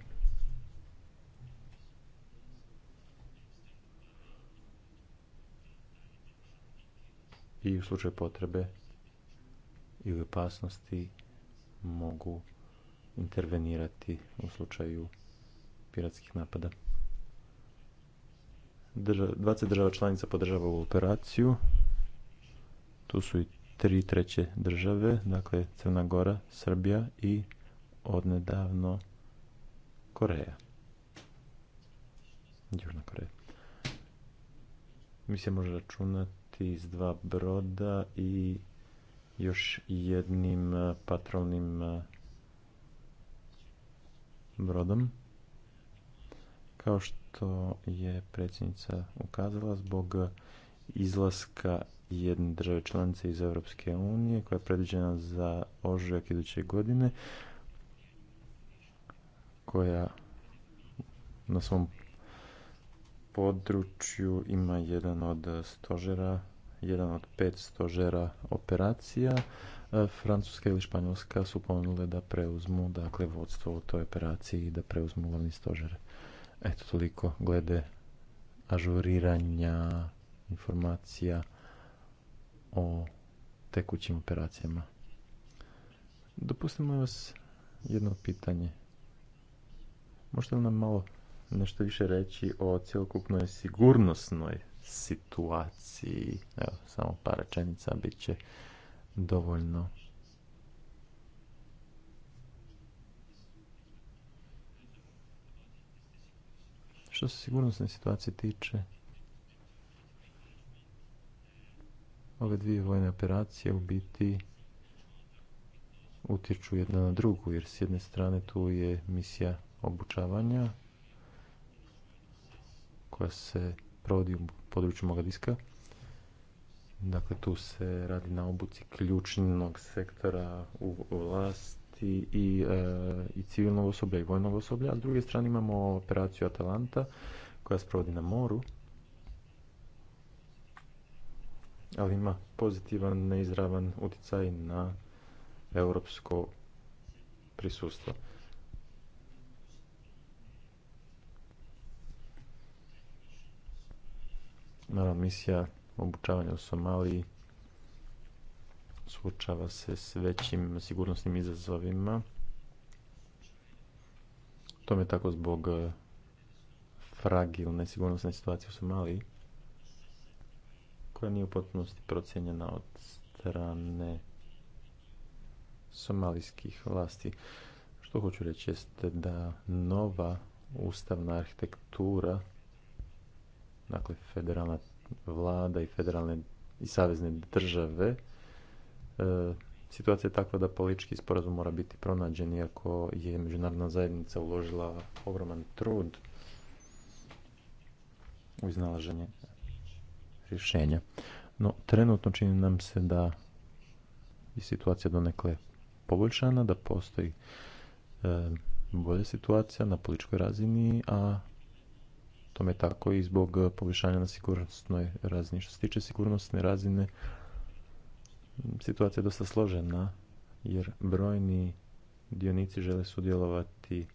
I u slučaju potrebe i opasnosti mogu intervenirati u slučaju piratskih napada. 20 država članica podržava ovu operaciju. Tu su i tri treće države, dakle Crna Gora, Srbija i odnedavno Koreja. Južna Koreja. Mi se može računati iz dva broda i još jednim e, patrolnim e, brodom. Kao što je predsjednica ukazala, zbog izlaska jedne države članice iz Europske unije koja je predviđena za ožujak iduće godine koja na svom području ima jedan od stožera, jedan od pet stožera operacija. Francuska ili Španjolska su ponudile da preuzmu dakle, vodstvo u toj operaciji i da preuzmu glavni stožer. Eto toliko glede ažuriranja informacija o tekućim operacijama. Dopustimo vas jedno pitanje. Možete li nam malo nešto više reći o cjelokupnoj sigurnosnoj situaciji? Evo, samo par rečenica bit će dovoljno. Što se sigurnosne situacije tiče, ove dvije vojne operacije u biti utječu jedna na drugu, jer s jedne strane tu je misija obučavanja koja se provodi u području Diska. Dakle, tu se radi na obuci ključnog sektora u vlasti i, e, i civilnog osoblja i vojnog osoblja. A s druge strane imamo operaciju Atalanta koja se provodi na moru ali ima pozitivan, neizravan utjecaj na europsko prisustvo. Naravno, misija obučavanja u Somaliji suočava se s većim sigurnosnim izazovima. To je tako zbog fragilne sigurnosne situacije u Somaliji koja nije u potpunosti procijenjena od strane somalijskih vlasti. Što hoću reći jeste da nova ustavna arhitektura, dakle federalna vlada i federalne i savezne države, e, situacija je takva da politički sporazum mora biti pronađen, iako je međunarodna zajednica uložila ogroman trud u iznalaženje rješenja. No, trenutno čini nam se da je situacija donekle poboljšana, da postoji e, bolja situacija na političkoj razini, a tome tako i zbog poboljšanja na sigurnosnoj razini. Što se tiče sigurnosne razine, situacija je dosta složena, jer brojni dionici žele sudjelovati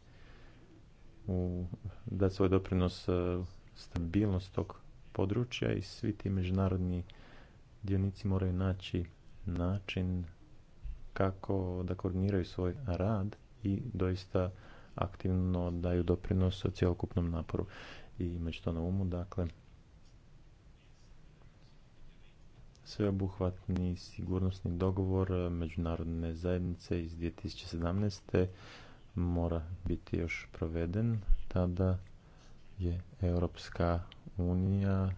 u, dati svoj doprinos e, stabilnost tog područja i svi ti međunarodni dionici moraju naći način kako da koordiniraju svoj rad i doista aktivno daju doprinos o cjelokupnom naporu. I imajući to na umu, dakle, sveobuhvatni sigurnosni dogovor međunarodne zajednice iz 2017. mora biti još proveden, tada je Europska unija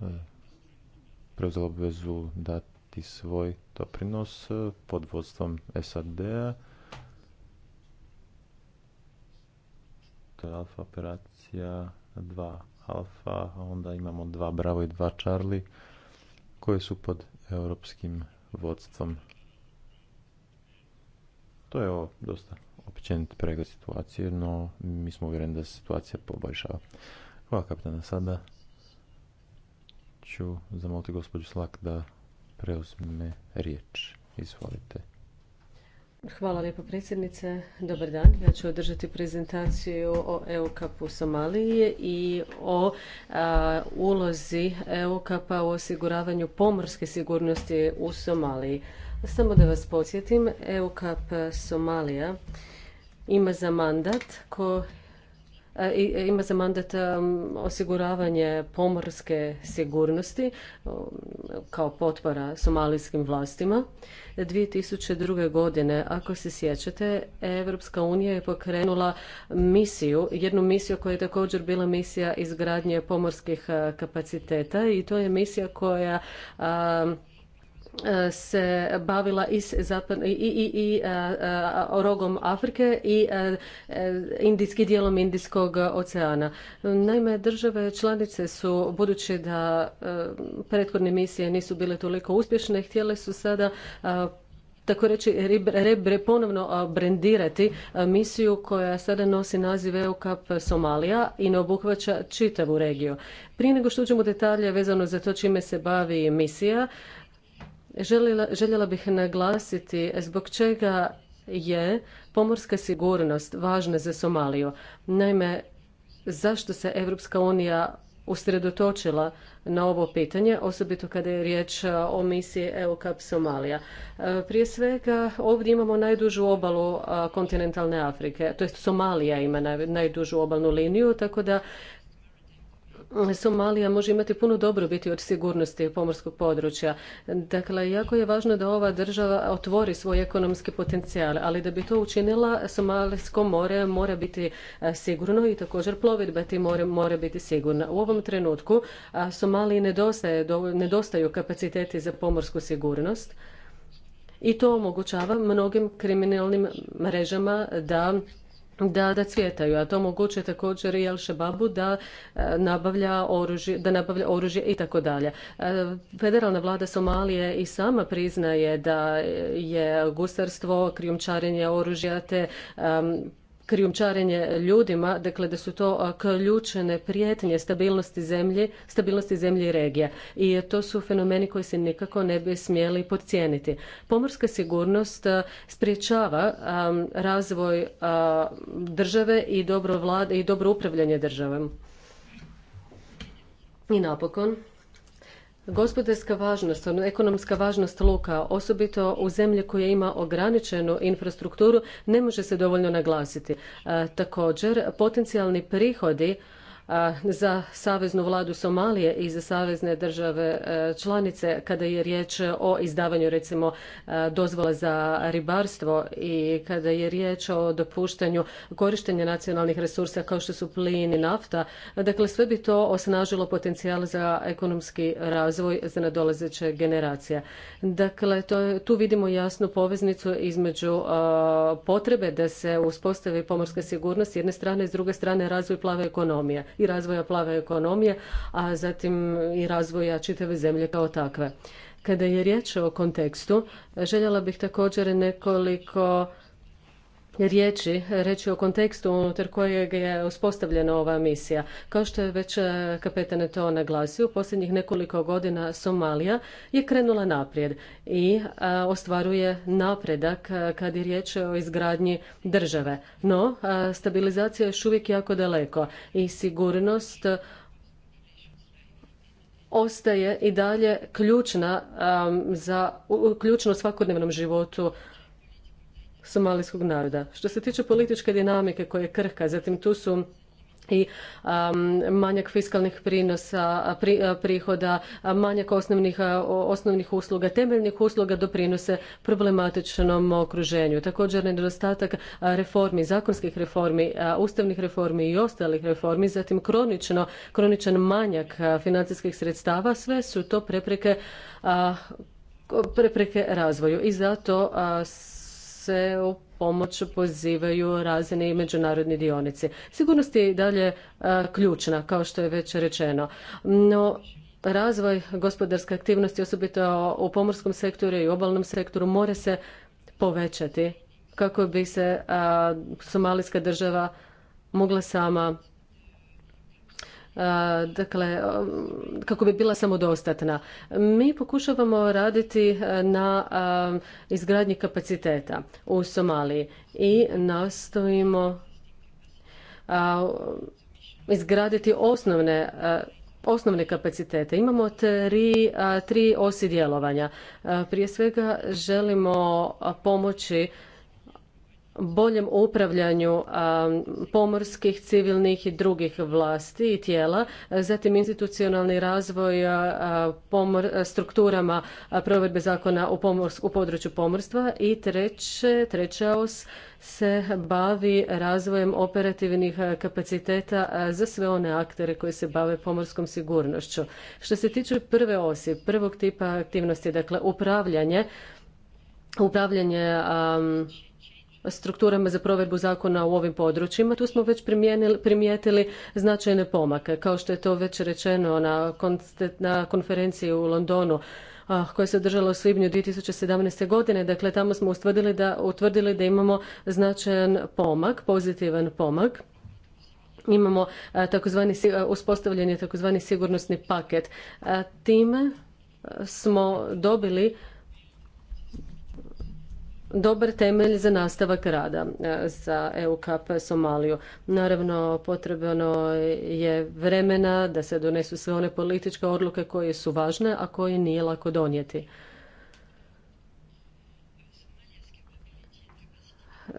e, preuzela obvezu dati svoj doprinos e, pod vodstvom SAD-a. To je alfa operacija 2 alfa, a onda imamo dva bravo i dva Charlie koje su pod europskim vodstvom. To je ovo dosta općenit pregled situacije, no mi smo uvjereni da se situacija poboljšava. Hvala kapitana. Sada ću zamoliti gospođu Slak da preuzme riječ. Izvolite. Hvala lijepo predsjednice. Dobar dan. Ja ću održati prezentaciju o EUCAP-u Somaliji i o ulozi EUCAP-a u osiguravanju pomorske sigurnosti u Somaliji. Samo da vas podsjetim, EUCAP Somalija ima za mandat ko e, e, ima za mandat osiguravanje pomorske sigurnosti kao potpora somalijskim vlastima. 2002. godine, ako se sjećate, Evropska unija je pokrenula misiju, jednu misiju koja je također bila misija izgradnje pomorskih e, kapaciteta i to je misija koja se bavila i, e, e, rogom Afrike i e, indijski dijelom Indijskog oceana. Naime, države članice su, budući da prethodne misije nisu bile toliko uspješne, htjele su sada tako reći rebre ponovno brendirati misiju koja sada nosi naziv EUCAP Somalija i ne obuhvaća čitavu regiju. Prije nego što uđemo detalje vezano za to čime se bavi misija, željela, bih naglasiti zbog čega je pomorska sigurnost važna za Somaliju. Naime, zašto se Europska unija usredotočila na ovo pitanje, osobito kada je riječ o misiji EUCAP Somalija. E, prije svega ovdje imamo najdužu obalu kontinentalne Afrike, to jest Somalija ima najdužu obalnu liniju, tako da Somalija može imati puno dobrobiti od sigurnosti pomorskog područja. Dakle, jako je važno da ova država otvori svoj ekonomski potencijal, ali da bi to učinila, Somalijsko more mora biti e, sigurno i također plovidba ti more mora biti sigurna. U ovom trenutku Somaliji nedostaje, nedostaju kapaciteti za pomorsku sigurnost i to omogućava mnogim kriminalnim mrežama da da, da cvjetaju, a to moguće također i Al-Shababu da e, nabavlja oružje, da nabavlja oružje i tako dalje. E, federalna vlada Somalije i sama priznaje da je gusarstvo, krijumčarenje oružja te krijumčarenje ljudima, dakle da su to ključne prijetnje stabilnosti zemlje, stabilnosti zemlje i regija. I to su fenomeni koji se nikako ne bi smjeli podcijeniti. Pomorska sigurnost sprječava razvoj države i dobro, vlade, i dobro upravljanje državom. I napokon, Gospodarska važnost, ono, ekonomska važnost luka, osobito u zemlji koja ima ograničenu infrastrukturu, ne može se dovoljno naglasiti. E, također, potencijalni prihodi za saveznu vladu Somalije i za savezne države e, članice kada je riječ o izdavanju recimo e, dozvola za ribarstvo i kada je riječ o dopuštanju korištenja nacionalnih resursa kao što su plin i nafta. Dakle, sve bi to osnažilo potencijal za ekonomski razvoj za nadolazeće generacije. Dakle, to, tu vidimo jasnu poveznicu između e, potrebe da se uspostavi pomorska sigurnost s jedne strane i s druge strane razvoj plave ekonomije i razvoja plave ekonomije, a zatim i razvoja čitave zemlje kao takve. Kada je riječ o kontekstu, željela bih također nekoliko riječi reći o kontekstu unutar kojeg je uspostavljena ova misija. Kao što je već e, kapetan to naglasio, posljednjih nekoliko godina Somalija je krenula naprijed i e, ostvaruje napredak e, kad je riječ o izgradnji države. No, stabilizacija je još uvijek jako daleko i sigurnost ostaje i dalje ključna za u, ključno u svakodnevnom životu somalijskog naroda. Što se tiče političke dinamike koje je krhka, zatim tu su i manjak fiskalnih prinosa, prihoda, manjak osnovnih, usluga, temeljnih usluga doprinose problematičnom okruženju. Također nedostatak reformi, zakonskih reformi, ustavnih reformi i ostalih reformi, zatim kronično, kroničan manjak financijskih sredstava, sve su to prepreke, prepreke razvoju i zato se se u pomoć pozivaju razine i međunarodni dionici. Sigurnost je i dalje e, ključna, kao što je već rečeno. No, razvoj gospodarske aktivnosti, osobito u pomorskom sektoru i obalnom sektoru, mora se povećati kako bi se e, somalijska država mogla sama dakle, kako bi bila samodostatna. Mi pokušavamo raditi e, na izgradnji kapaciteta u Somaliji i nastojimo izgraditi osnovne osnovne kapacitete. Imamo tri, tri osi djelovanja. Prije svega želimo pomoći boljem upravljanju pomorskih, civilnih i drugih vlasti i tijela, zatim institucionalni razvoj pomor, strukturama provedbe zakona u, području pomorstva i treće, treća os se bavi razvojem operativnih kapaciteta za sve one aktere koji se bave pomorskom sigurnošću. Što se tiče prve osi, prvog tipa aktivnosti, dakle upravljanje, upravljanje strukturama za provedbu zakona u ovim područjima. Tu smo već primijetili značajne pomake, kao što je to već rečeno na, na konferenciji u Londonu koja se održala u svibnju 2017. godine. Dakle, tamo smo ustvrdili da, utvrdili da imamo značajan pomak, pozitivan pomak. Imamo takozvani, uspostavljen takozvani sigurnosni paket. Time smo dobili dobar temelj za nastavak rada za e, EUKP Somaliju. Naravno, potrebno je vremena da se donesu sve one političke odluke koje su važne, a koje nije lako donijeti.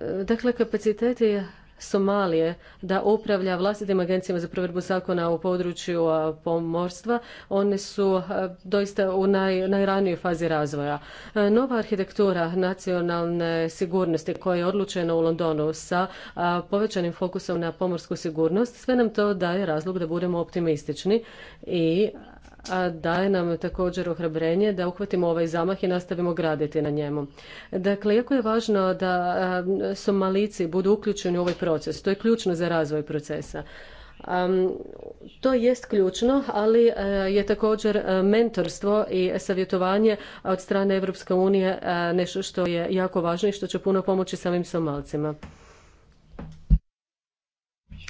E, dakle, kapaciteti Somalije da upravlja vlastitim agencijama za provedbu zakona u području pomorstva. One su doista u najranijoj fazi razvoja. Nova arhitektura nacionalne sigurnosti koja je odlučena u Londonu sa povećanim fokusom na pomorsku sigurnost, sve nam to daje razlog da budemo optimistični i daje nam također ohrabrenje da uhvatimo ovaj zamah i nastavimo graditi na njemu. Dakle, jako je važno da Somalici budu uključeni u ovaj proces. To je ključno za razvoj procesa. to jest ključno, ali je također mentorstvo i savjetovanje od strane Europske unije nešto što je jako važno i što će puno pomoći samim Somalcima.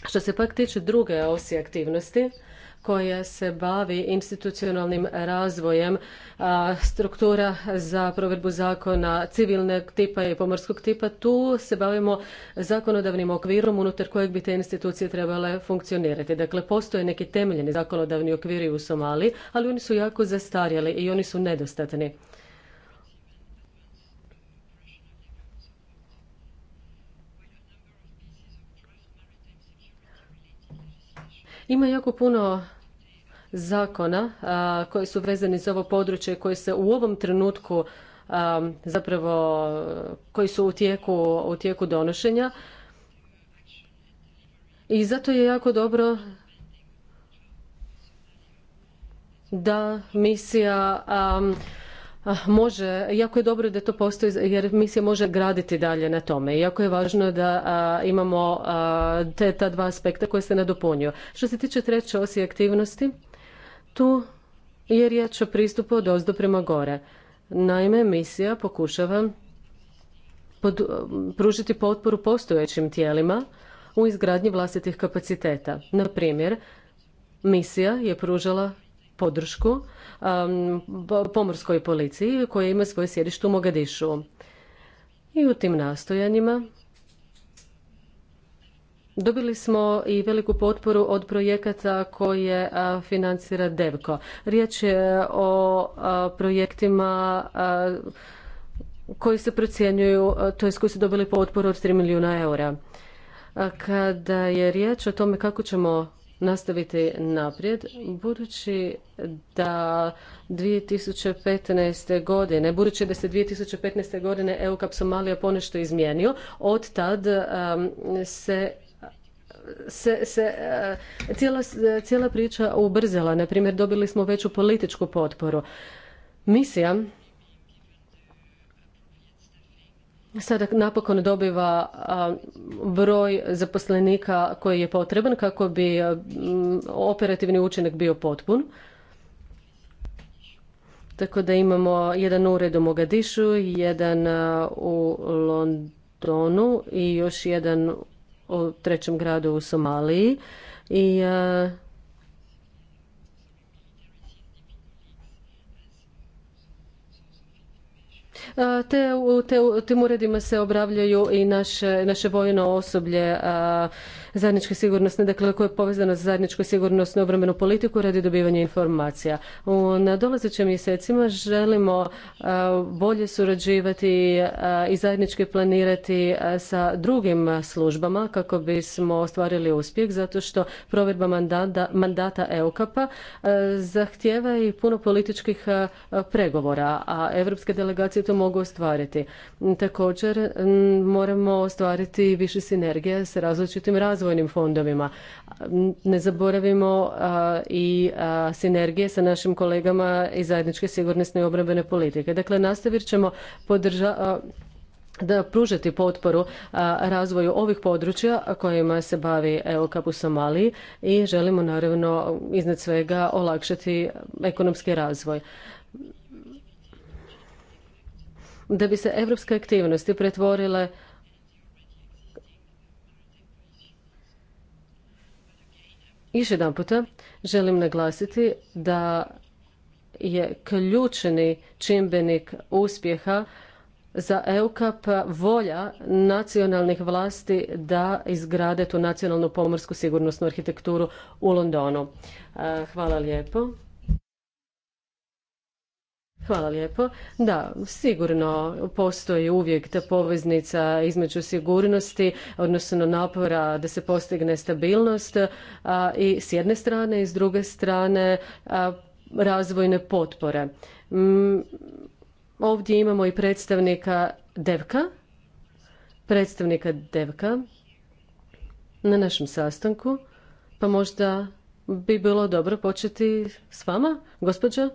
Što se pak tiče druge osi aktivnosti, koje se bavi institucionalnim razvojem struktura za provedbu zakona civilnog tipa i pomorskog tipa. Tu se bavimo zakonodavnim okvirom unutar kojeg bi te institucije trebale funkcionirati. Dakle, postoje neki temeljni zakonodavni okviri u Somaliji, ali oni su jako zastarjeli i oni su nedostatni. Ima jako puno zakona koji su vezani za ovo područje koji se u ovom trenutku zapravo koji su u tijeku, u tijeku donošenja i zato je jako dobro da misija Ah, može, jako je dobro da to postoji jer misija može graditi dalje na tome. Jako je važno da imamo te ta dva aspekta koje se nadopunjuju. Što se tiče treće osi aktivnosti, tu je riječ o pristupu od ozdo prema gore. Naime, misija pokušava pružiti potporu postojećim tijelima u izgradnji vlastitih kapaciteta. Na primjer, misija je pružala podršku um, pomorskoj policiji koja ima svoje sjedište u Mogadišu. I u tim nastojanjima Dobili smo i veliku potporu od projekata koje financira Devko. Riječ je o projektima koji se procjenjuju, to koji su dobili potporu od 3 milijuna eura. Kada je riječ o tome kako ćemo nastaviti naprijed, budući da 2015. godine, budući da se 2015. godine EUCAP Somalija ponešto izmijenio, od tad um, se se, se uh, cijela, cijela priča ubrzala. Na dobili smo veću političku potporu. Misija sada napokon dobiva broj zaposlenika koji je potreban kako bi operativni učinak bio potpun. Tako da imamo jedan ured u Mogadišu, jedan u Londonu i još jedan u trećem gradu u Somaliji. I te u tim uredima se obravljaju i naše, naše vojno osoblje zajedničke sigurnosne, dakle koje je povezano za zajedničku sigurnosnu obrambenu politiku radi dobivanja informacija. U nadolazećim mjesecima želimo bolje surađivati i zajednički planirati sa drugim službama kako bismo ostvarili uspjeh zato što provedba mandata, mandata EUCAP-a zahtjeva i puno političkih pregovora, a europske delegacije to mogu ostvariti. Također moramo ostvariti više sinergije sa različitim razvojima razvojnim fondovima. Ne zaboravimo i sinergije sa našim kolegama iz zajedničke sigurnosne i obrambene politike. Dakle, nastavit ćemo da pružati potporu razvoju ovih područja kojima se bavi EOKAP u Somaliji i želimo naravno iznad svega olakšati ekonomski razvoj. Da bi se evropske aktivnosti pretvorile Iš jedan puta želim naglasiti da je ključni čimbenik uspjeha za EUCAP volja nacionalnih vlasti da izgrade tu nacionalnu pomorsku sigurnosnu arhitekturu u Londonu. E, hvala lijepo. Hvala lijepo. Da, sigurno postoji uvijek ta poveznica između sigurnosti, odnosno napora da se postigne stabilnost i s jedne strane i s druge strane razvojne potpore. Mm, ovdje imamo i predstavnika Devka, predstavnika Devka na našem sastanku, pa možda bi bilo dobro početi s vama, gospođo.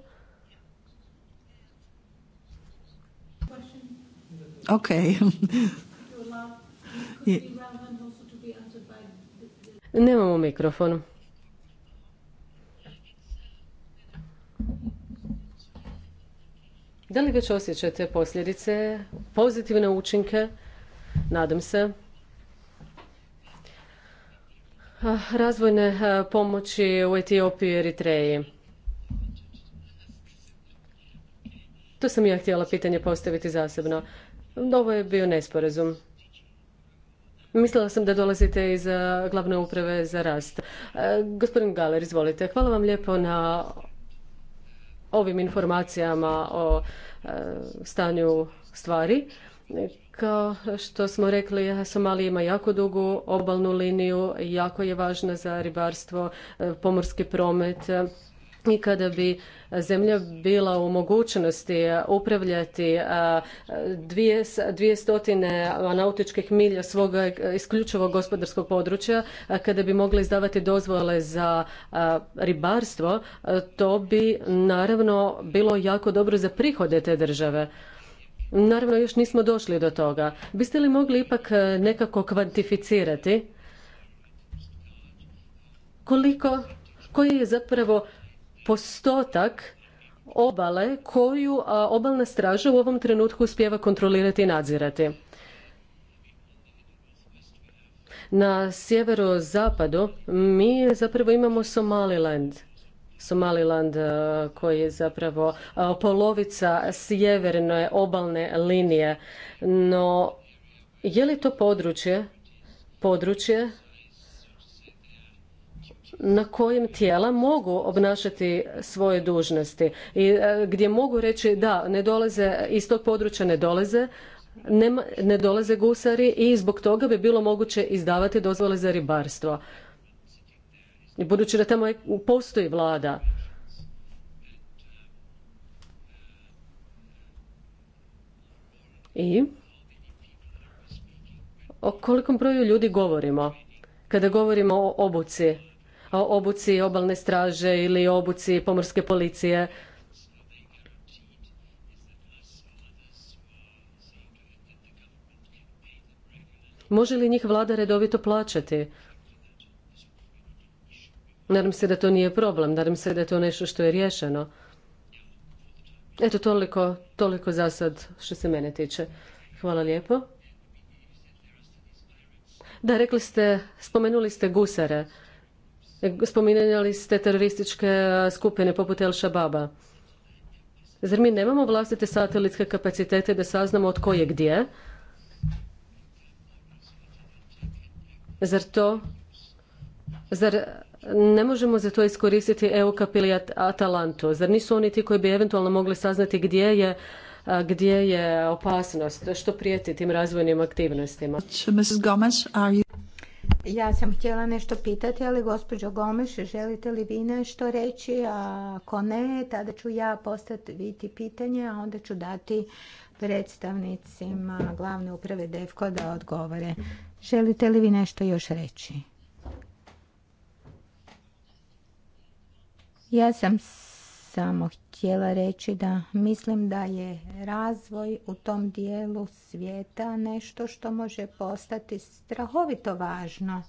Okay. Nemamo mikrofon. Da li već osjećate posljedice, pozitivne učinke? Nadam se. Ah, razvojne eh, pomoći u Etiopiji i Eritreji. To sam ja htjela pitanje postaviti zasebno. Ovo je bio nesporazum. Mislila sam da dolazite iz eh, glavne uprave za rast. Eh, gospodin Galer, izvolite. Hvala vam lijepo na ovim informacijama o eh, stanju stvari. Kao što smo rekli, Somalija ima jako dugu obalnu liniju, jako je važna za ribarstvo, pomorski promet i kada bi zemlja bila u mogućnosti upravljati dvije, stotine nautičkih milja svog isključivog gospodarskog područja, kada bi mogla izdavati dozvole za ribarstvo, to bi naravno bilo jako dobro za prihode te države. Naravno, još nismo došli do toga. Biste li mogli ipak nekako kvantificirati koliko, koji je zapravo postotak obale koju obalna straža u ovom trenutku uspijeva kontrolirati i nadzirati. Na sjeverozapadu mi zapravo imamo Somaliland. Somaliland koji je zapravo polovica sjeverne obalne linije. No, je li to područje, područje na kojem tijela mogu obnašati svoje dužnosti i e, gdje mogu reći da ne dolaze iz tog područja ne dolaze ne, dolaze gusari i zbog toga bi bilo moguće izdavati dozvole za ribarstvo. budući da tamo postoji vlada i o kolikom broju ljudi govorimo kada govorimo o obuci obuci obalne straže ili obuci pomorske policije. Može li njih vlada redovito plaćati? Nadam se da to nije problem, nadam se da je to nešto što je riješeno. Eto, toliko, toliko za sad što se mene tiče. Hvala lijepo. Da, rekli ste, spomenuli ste gusare. Spominjali ste terorističke e, skupine poput El Shababa. Zar mi nemamo vlastite satelitske kapacitete da saznamo od koje gdje? Zar to... Zar ne možemo za to iskoristiti EUKAP ili Atalantu? Zar nisu oni ti koji bi eventualno mogli saznati gdje je e, gdje je opasnost, što prijeti tim razvojnim aktivnostima. Mrs. Ja sam htjela nešto pitati, ali gospođo Gomeš, želite li vi nešto reći? A ako ne, tada ću ja postaviti pitanje, a onda ću dati predstavnicima glavne uprave DEFKO da odgovore. Želite li vi nešto još reći? Ja sam samo htjela reći da mislim da je razvoj u tom dijelu svijeta nešto što može postati strahovito važno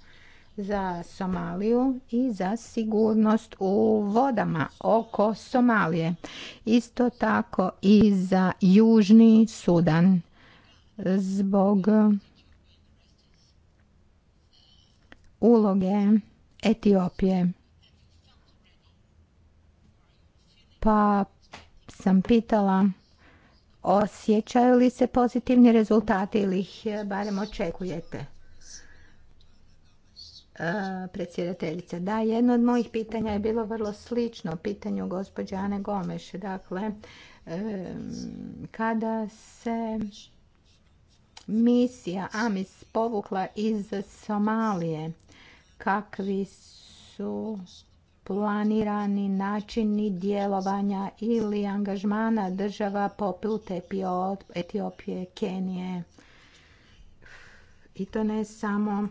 za Somaliju i za sigurnost u vodama oko Somalije. Isto tako i za Južni Sudan zbog uloge Etiopije pa sam pitala osjećaju li se pozitivni rezultati ili ih e, barem očekujete? E, predsjedateljice. Da, jedno od mojih pitanja je bilo vrlo slično pitanju gospođe Ane Gomeš. Dakle, kada se misija AMIS povukla iz Somalije, kakvi su planirani načini djelovanja ili angažmana država poput Etiopije, Kenije. I to ne samo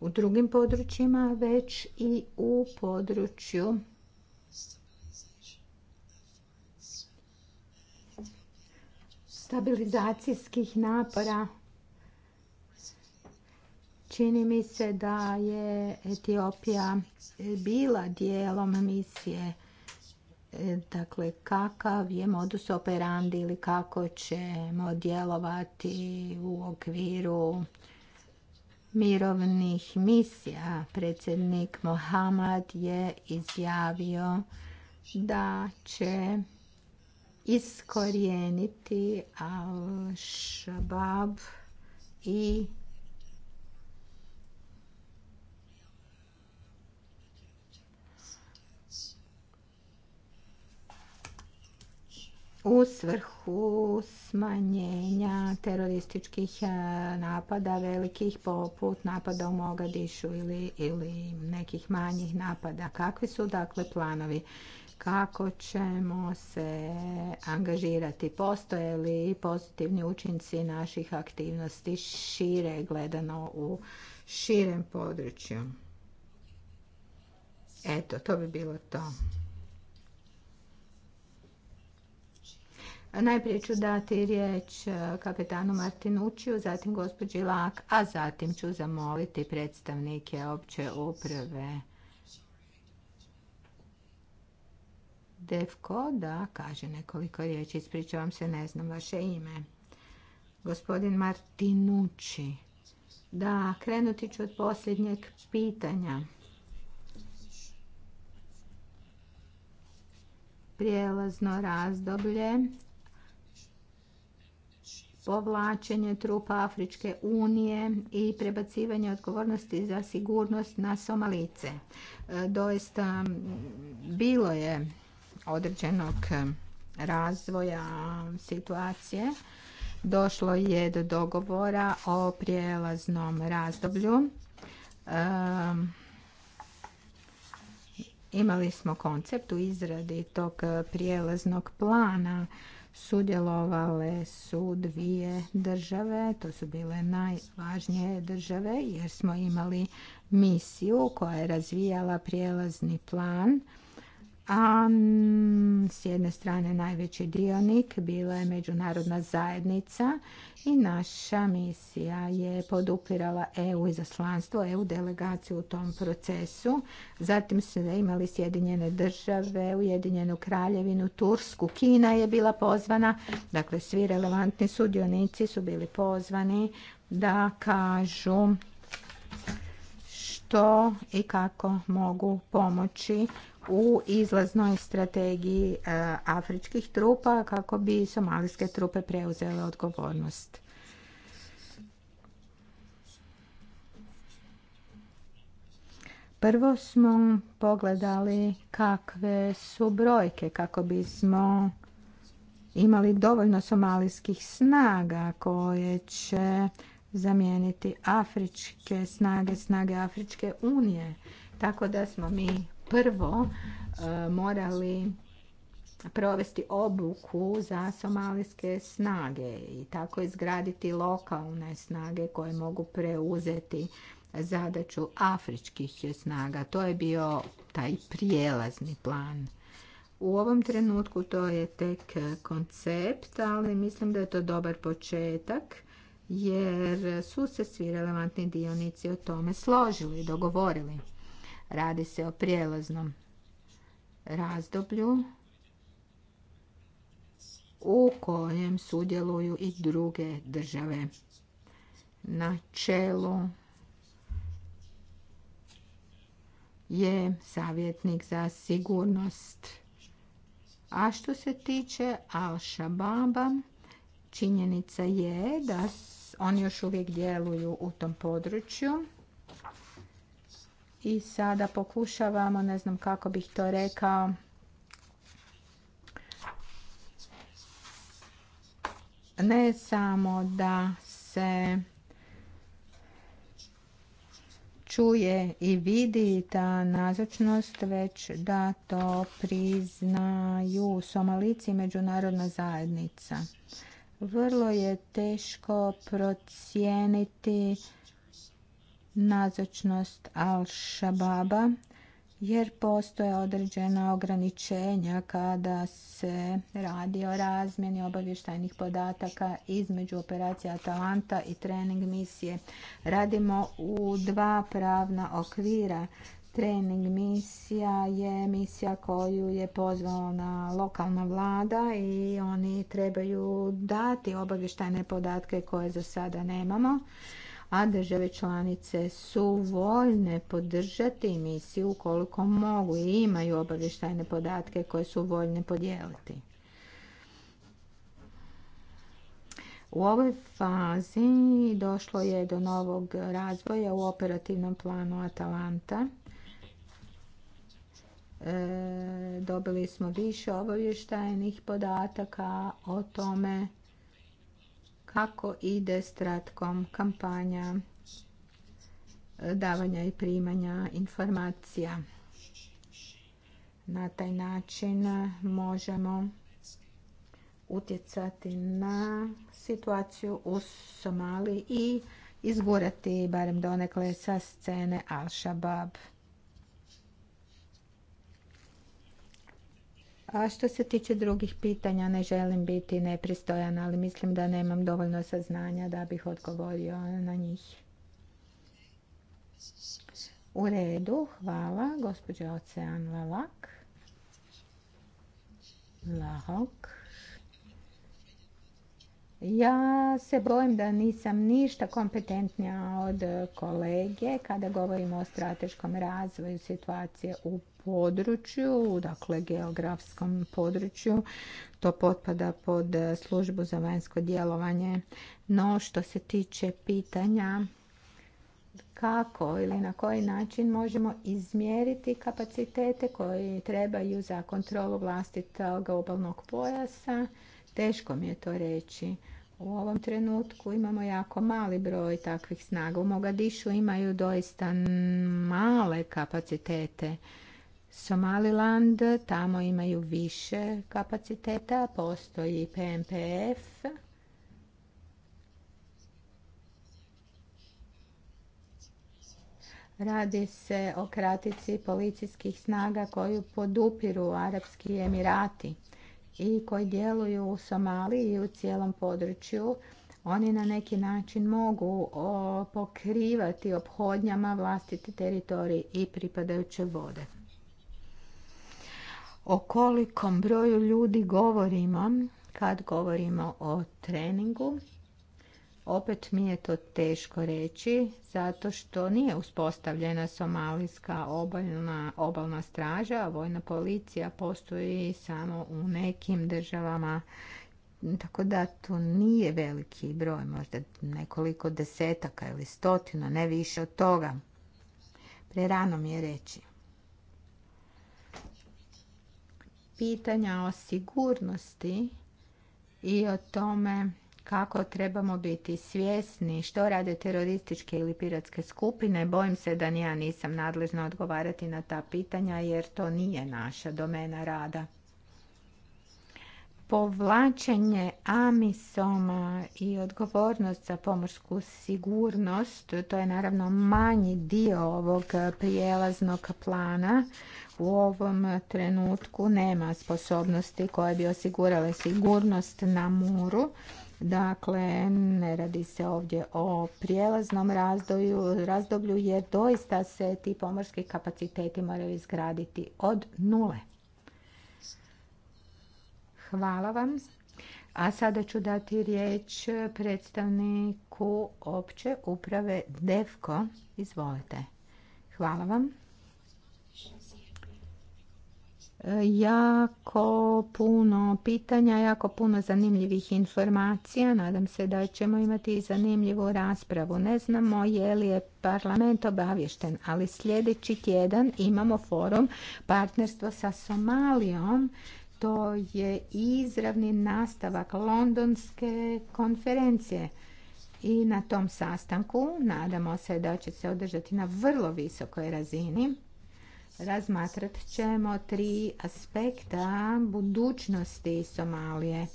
u drugim područjima, već i u području stabilizacijskih napora Čini mi se da je Etiopija bila dijelom misije dakle kakav je modus operandi ili kako ćemo djelovati u okviru mirovnih misija. Predsjednik Mohamad je izjavio da će iskorijeniti Al-Shabaab i u svrhu smanjenja terorističkih e, napada velikih poput napada u Mogadišu ili, ili nekih manjih napada. Kakvi su dakle planovi? Kako ćemo se angažirati? Postoje li pozitivni učinci naših aktivnosti šire gledano u širem području? Eto, to bi bilo to. Najprije ću dati riječ e, kapetanu Martinućiju, zatim gospođi Lak, a zatim ću zamoliti predstavnike opće uprave Devko da kaže nekoliko riječi. Ispričavam se, ne znam vaše ime. Gospodin Martinući. Da, krenuti ću od posljednjeg pitanja. Prijelazno razdoblje povlačenje trupa Afričke unije i prebacivanje odgovornosti za sigurnost na Somalice. E, doista bilo je određenog razvoja situacije. Došlo je do dogovora o prijelaznom razdoblju. E, imali smo koncept u izradi tog prijelaznog plana sudjelovale su dvije države, to su bile najvažnije države jer smo imali misiju koja je razvijala prijelazni plan a mm, s jedne strane najveći dionik bila je međunarodna zajednica i naša misija je podupirala EU zaslanstvo EU delegaciju u tom procesu. Zatim su imali Sjedinjene države, Ujedinjenu kraljevinu, Tursku, Kina je bila pozvana, dakle svi relevantni sudionici su bili pozvani da kažu što i kako mogu pomoći u izlaznoj strategiji e, afričkih trupa kako bi somalijske trupe preuzele odgovornost. Prvo smo pogledali kakve su brojke kako bismo imali dovoljno somalijskih snaga koje će zamijeniti afričke snage, snage Afričke unije. Tako da smo mi prvo e, morali provesti obuku za somalijske snage i tako izgraditi lokalne snage koje mogu preuzeti zadaću afričkih snaga. To je bio taj prijelazni plan. U ovom trenutku to je tek koncept, ali mislim da je to dobar početak jer su se svi relevantni dionici o tome složili, dogovorili. Radi se o prijelaznom razdoblju u kojem sudjeluju i druge države. Na čelu je savjetnik za sigurnost. A što se tiče al činjenica je da oni još uvijek djeluju u tom području i sada pokušavamo, ne znam kako bih to rekao, ne samo da se čuje i vidi ta nazočnost, već da to priznaju Somalici i međunarodna zajednica. Vrlo je teško procijeniti nazočnost Al-Shababa jer postoje određena ograničenja kada se radi o razmjeni obavještajnih podataka između operacija Atalanta i trening misije. Radimo u dva pravna okvira. Trening misija je misija koju je pozvala lokalna vlada i oni trebaju dati obavještajne podatke koje za sada nemamo a države članice su voljne podržati misiju ukoliko mogu i imaju obavještajne podatke koje su voljne podijeliti. U ovoj fazi došlo je do novog razvoja u operativnom planu Atalanta. E, dobili smo više obavještajnih podataka o tome kako ide stratkom kampanja e, davanja i primanja informacija. Na taj način možemo utjecati na situaciju u Somali i izgurati barem donekle sa scene Al-Shabaab. A što se tiče drugih pitanja, ne želim biti nepristojan, ali mislim da nemam dovoljno saznanja da bih odgovorio na njih. U redu, hvala, gospođo Ocean Lalak. Lahok. Ja se bojim da nisam ništa kompetentnija od kolege kada govorimo o strateškom razvoju situacije u području, dakle geografskom području. To potpada pod službu za vanjsko djelovanje. No što se tiče pitanja kako ili na koji način možemo izmjeriti kapacitete koji trebaju za kontrolu vlastitog obalnog pojasa, teško mi je to reći. U ovom trenutku imamo jako mali broj takvih snaga. U Mogadišu imaju doista male kapacitete Somaliland, tamo imaju više kapaciteta, postoji PMPF. Radi se o kratici policijskih snaga koju podupiru Arapski Emirati i koji djeluju u Somaliji i u cijelom području. Oni na neki način mogu pokrivati obhodnjama vlastiti teritorij i pripadajuće vode o kolikom broju ljudi govorimo kad govorimo o treningu. Opet mi je to teško reći, zato što nije uspostavljena somalijska obalna, obalna straža, a vojna policija postoji samo u nekim državama, tako da to nije veliki broj, možda nekoliko desetaka ili stotina, ne više od toga. Prerano mi je reći. pitanja o sigurnosti i o tome kako trebamo biti svjesni što rade terorističke ili piratske skupine. Bojim se da ja nisam nadležna odgovarati na ta pitanja jer to nije naša domena rada. Povlačenje amisoma i odgovornost za pomorsku sigurnost, to je naravno manji dio ovog prijelaznog plana u ovom trenutku nema sposobnosti koje bi osigurale sigurnost na muru. Dakle, ne radi se ovdje o prijelaznom razdoblju, razdoblju jer doista se ti pomorski kapaciteti moraju izgraditi od nule. Hvala vam. A sada ću dati riječ predstavniku opće uprave DEVKO. Izvolite. Hvala vam jako puno pitanja, jako puno zanimljivih informacija. Nadam se da ćemo imati zanimljivu raspravu. Ne znamo je li je parlament obavješten, ali sljedeći tjedan imamo forum partnerstvo sa Somalijom. To je izravni nastavak londonske konferencije. I na tom sastanku nadamo se da će se održati na vrlo visokoj razini razmatrat ćemo tri aspekta budućnosti Somalije.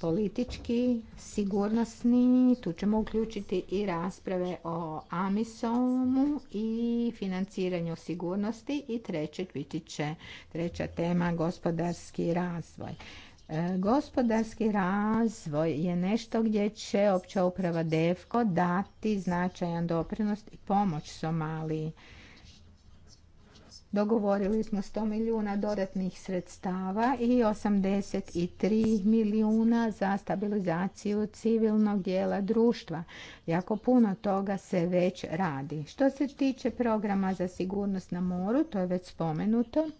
Politički, sigurnosni, tu ćemo uključiti i rasprave o Amisomu i financiranju sigurnosti i treće biti će treća tema gospodarski razvoj. E, gospodarski razvoj je nešto gdje će opća uprava DEFKO dati značajan doprinost i pomoć Somaliji. Dogovorili smo 100 milijuna dodatnih sredstava i 83 milijuna za stabilizaciju civilnog dijela društva. Jako puno toga se već radi. Što se tiče programa za sigurnost na moru, to je već spomenuto.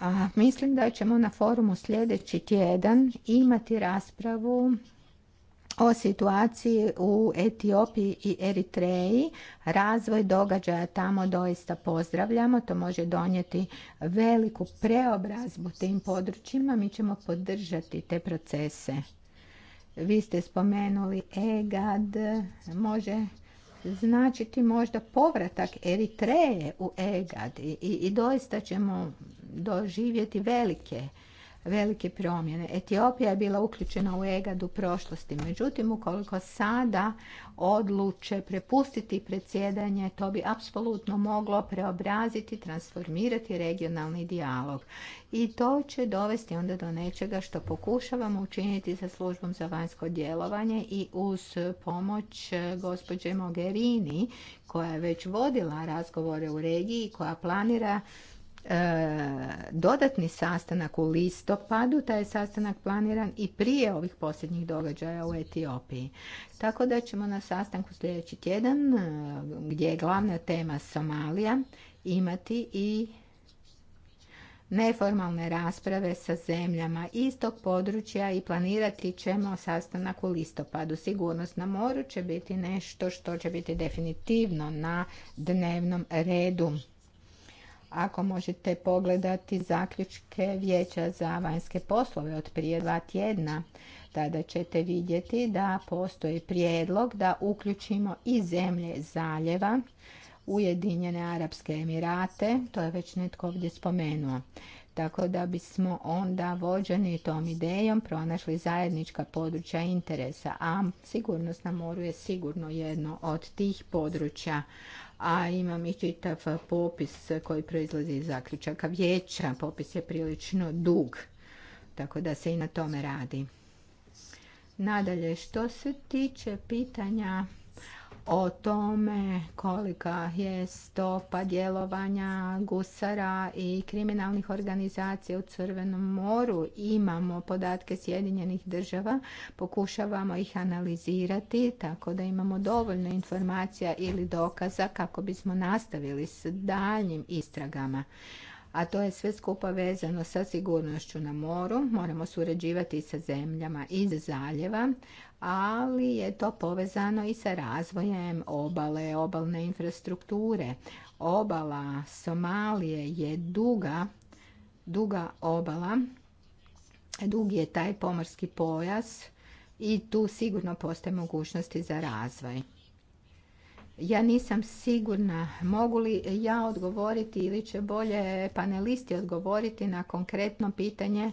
A mislim da ćemo na forumu sljedeći tjedan imati raspravu o situaciji u Etiopiji i Eritreji. Razvoj događaja tamo doista pozdravljamo. To može donijeti veliku preobrazbu tim područjima. Mi ćemo podržati te procese. Vi ste spomenuli EGAD. Može značiti možda povratak Eritreje u EGAD i, i doista ćemo doživjeti velike velike promjene. Etiopija je bila uključena u EGAD u prošlosti, međutim ukoliko sada odluče prepustiti predsjedanje, to bi apsolutno moglo preobraziti, transformirati regionalni dijalog. I to će dovesti onda do nečega što pokušavamo učiniti sa službom za vanjsko djelovanje i uz pomoć e, gospođe Mogherini koja je već vodila razgovore u regiji i koja planira E, dodatni sastanak u listopadu, taj je sastanak planiran i prije ovih posljednjih događaja u Etiopiji. Tako da ćemo na sastanku sljedeći tjedan, e, gdje je glavna tema Somalija, imati i neformalne rasprave sa zemljama iz tog područja i planirati ćemo sastanak u listopadu. Sigurnost na moru će biti nešto što će biti definitivno na dnevnom redu ako možete pogledati zaključke vijeća za vanjske poslove od prije dva tjedna, tada ćete vidjeti da postoji prijedlog da uključimo i zemlje zaljeva, Ujedinjene Arabske Emirate, to je već netko ovdje spomenuo. Tako da bismo onda vođeni tom idejom pronašli zajednička područja interesa, a sigurnost na moru je sigurno jedno od tih područja a imam i čitav popis koji proizlazi iz zaključaka vijeća. Popis je prilično dug, tako da se i na tome radi. Nadalje, što se tiče pitanja o tome kolika je stopa djelovanja gusara i kriminalnih organizacija u Crvenom moru. Imamo podatke Sjedinjenih država, pokušavamo ih analizirati tako da imamo dovoljno informacija ili dokaza kako bismo nastavili s daljnjim istragama a to je sve skupa vezano sa sigurnošću na moru. Moramo surađivati sa zemljama iz zaljeva, ali je to povezano i sa razvojem obale, obalne infrastrukture. Obala Somalije je duga, duga obala, dug je taj pomorski pojas i tu sigurno postoje mogućnosti za razvoj. Ja nisam sigurna mogu li ja odgovoriti ili će bolje panelisti odgovoriti na konkretno pitanje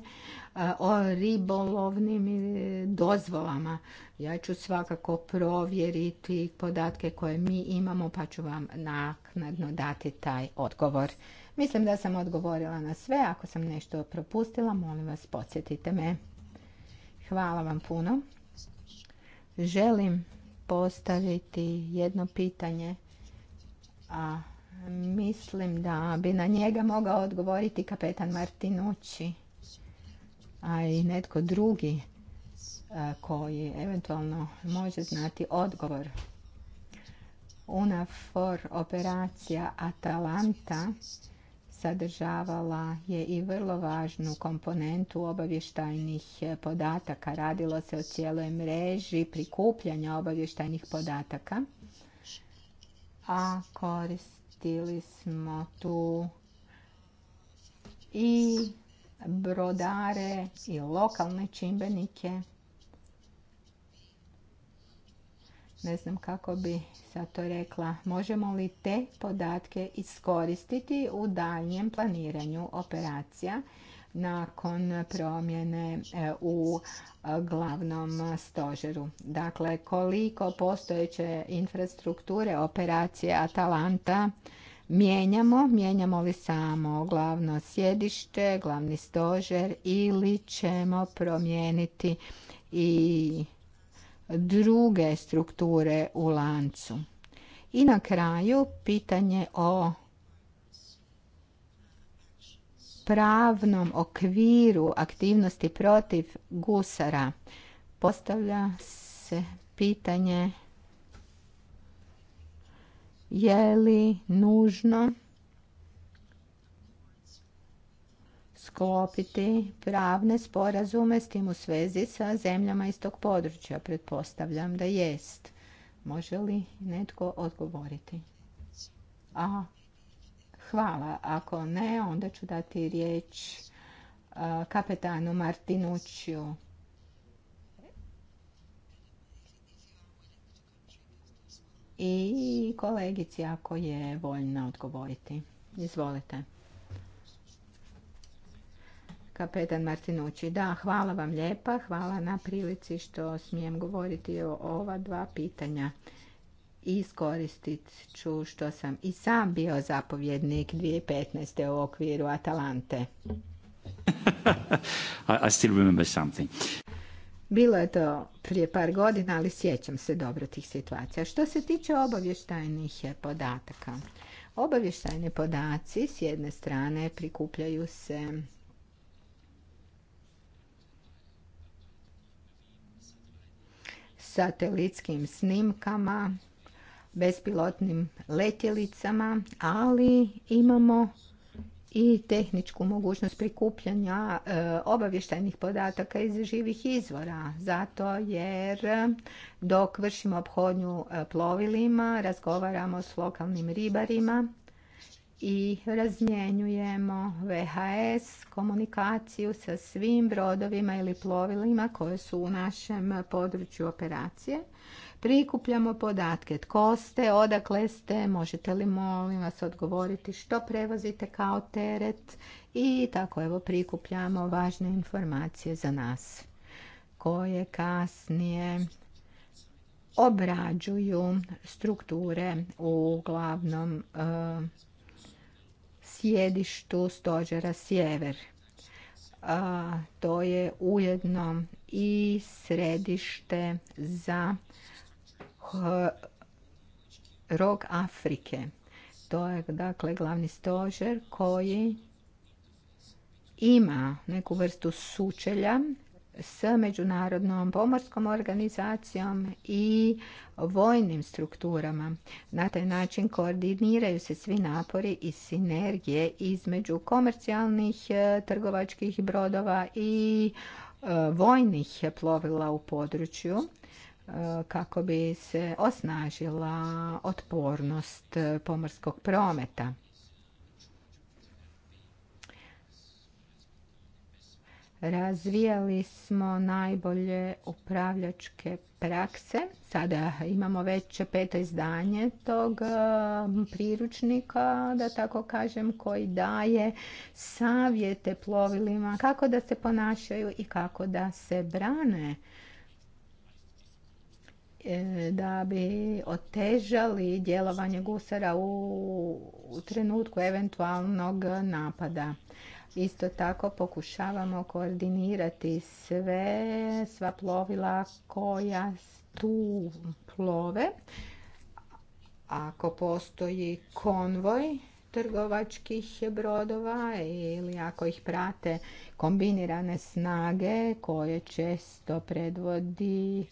o ribolovnim e, dozvolama. Ja ću svakako provjeriti podatke koje mi imamo pa ću vam naknadno dati taj odgovor. Mislim da sam odgovorila na sve. Ako sam nešto propustila, molim vas podsjetite me. Hvala vam puno. Želim postaviti jedno pitanje, a mislim da bi na njega mogao odgovoriti kapetan Martinući a i netko drugi e, koji eventualno može znati odgovor. for operacija Atalanta sadržavala je i vrlo važnu komponentu obavještajnih podataka. Radilo se o cijeloj mreži prikupljanja obavještajnih podataka. A koristili smo tu i brodare i lokalne čimbenike. Ne znam kako bi sad to rekla. Možemo li te podatke iskoristiti u daljnjem planiranju operacija nakon promjene e, u e, glavnom stožeru. Dakle, koliko postojeće infrastrukture operacije Atalanta mijenjamo, mijenjamo li samo glavno sjedište, glavni stožer ili ćemo promijeniti i druge strukture u lancu. I na kraju pitanje o pravnom okviru aktivnosti protiv gusara. Postavlja se pitanje je li nužno sklopiti pravne sporazume s tim u svezi sa zemljama iz tog područja? Pretpostavljam da jest. Može li netko odgovoriti? Aha. Hvala. Ako ne, onda ću dati riječ kapetanu Martinuću. i kolegici ako je voljna odgovoriti. Izvolite. Kapetan Martinući, da, hvala vam lijepa, hvala na prilici što smijem govoriti o ova dva pitanja. Iskoristit ću što sam i sam bio zapovjednik 2015. u okviru Atalante. I still remember something. Bilo je to prije par godina, ali sjećam se dobro tih situacija. Što se tiče obavještajnih podataka, obavještajni podaci s jedne strane prikupljaju se satelitskim snimkama, bespilotnim letjelicama, ali imamo i tehničku mogućnost prikupljanja e, obavještajnih podataka iz živih izvora. Zato jer e, dok vršimo obhodnju e, plovilima, razgovaramo s lokalnim ribarima i razmjenjujemo VHS komunikaciju sa svim brodovima ili plovilima koje su u našem području operacije prikupljamo podatke. Tko ste, odakle ste, možete li molim vas odgovoriti što prevozite kao teret i tako evo prikupljamo važne informacije za nas koje kasnije obrađuju strukture u glavnom eh, sjedištu stožera Sjever. Eh, to je ujedno i središte za rog Afrike. To je dakle glavni stožer koji ima neku vrstu sučelja s međunarodnom pomorskom organizacijom i vojnim strukturama. Na taj način koordiniraju se svi napori i sinergije između komercijalnih e, trgovačkih brodova i e, vojnih plovila u području Eh, kako bi se osnažila otpornost pomorskog prometa. Razvijali smo najbolje upravljačke prakse. Sada imamo već peto izdanje tog eh, priručnika, da tako kažem, koji daje savjete plovilima kako da se ponašaju i kako da se brane da bi otežali djelovanje gusara u trenutku eventualnog napada. Isto tako pokušavamo koordinirati sve, sva plovila koja tu plove. Ako postoji konvoj trgovačkih brodova ili ako ih prate kombinirane snage koje često predvodi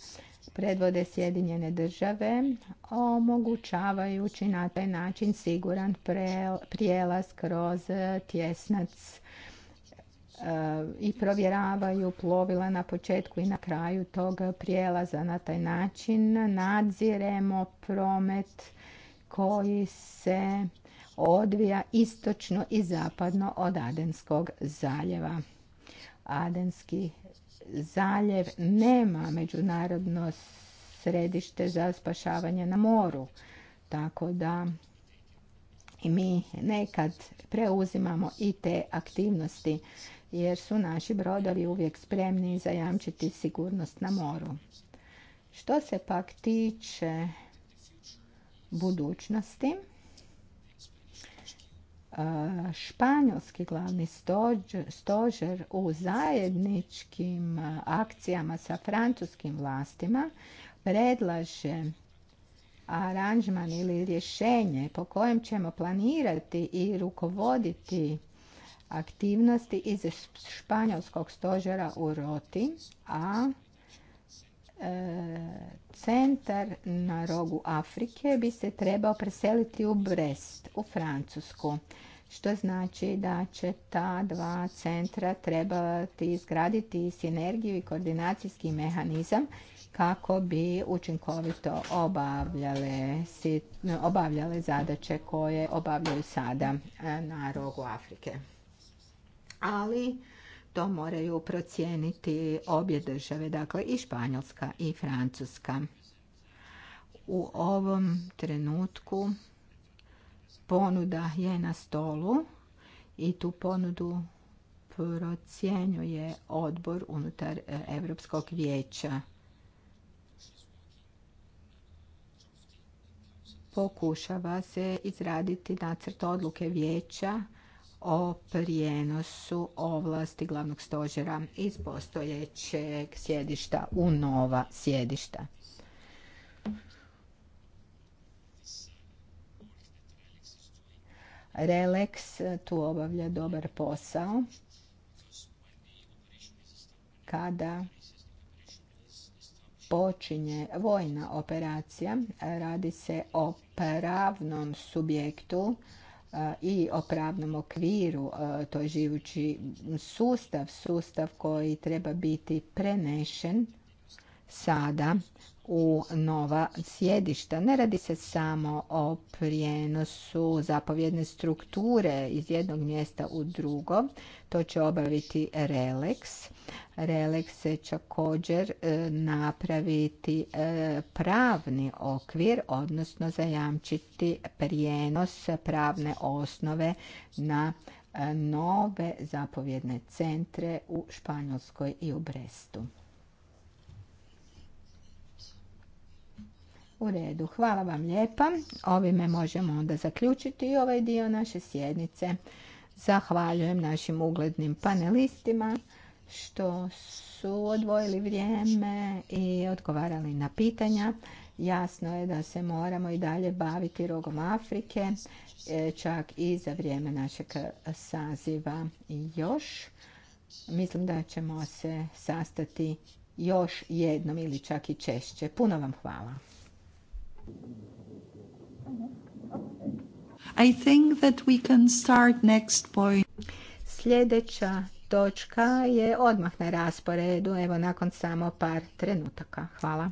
predvode Sjedinjene države, omogućavajući na taj način siguran prijelaz kroz e, tjesnac e, i provjeravaju plovila na početku i na kraju tog prijelaza. Na taj način nadziremo promet koji se odvija istočno i zapadno od Adenskog zaljeva. Adenski zaljev nema međunarodno središte za spašavanje na moru. Tako da i mi nekad preuzimamo i te aktivnosti jer su naši brodovi uvijek spremni zajamčiti sigurnost na moru. Što se pak tiče budućnosti, španjolski glavni stožer u zajedničkim akcijama sa francuskim vlastima predlaže aranžman ili rješenje po kojem ćemo planirati i rukovoditi aktivnosti iz španjolskog stožera u Roti, a E, centar na rogu Afrike bi se trebao preseliti u Brest, u Francusku. Što znači da će ta dva centra trebati izgraditi sinergiju i koordinacijski mehanizam kako bi učinkovito obavljale, obavljale zadaće koje obavljaju sada e, na rogu Afrike. Ali to moraju procijeniti obje države, dakle i Španjolska i Francuska. U ovom trenutku ponuda je na stolu i tu ponudu procjenjuje odbor unutar e, Europskog vijeća. Pokušava se izraditi nacrt odluke vijeća o prijenosu ovlasti glavnog stožera iz postojećeg sjedišta u nova sjedišta. Relex tu obavlja dobar posao kada počinje vojna operacija. Radi se o pravnom subjektu E, i o pravnom okviru, e, to je živući sustav, sustav koji treba biti prenešen sada u nova sjedišta. Ne radi se samo o prijenosu zapovjedne strukture iz jednog mjesta u drugo. To će obaviti Relex. Relex će također e, napraviti e, pravni okvir, odnosno zajamčiti prijenos pravne osnove na e, nove zapovjedne centre u Španjolskoj i u Brestu. U redu, hvala vam lijepa. Ovime možemo onda zaključiti i ovaj dio naše sjednice. Zahvaljujem našim uglednim panelistima što su odvojili vrijeme i odgovarali na pitanja. Jasno je da se moramo i dalje baviti rogom Afrike, e, čak i za vrijeme našeg saziva i još. Mislim da ćemo se sastati još jednom ili čak i češće. Puno vam hvala. I think that we can start next point. Sljedeća točka je odmah na rasporedu, evo nakon samo par trenutaka. Hvala.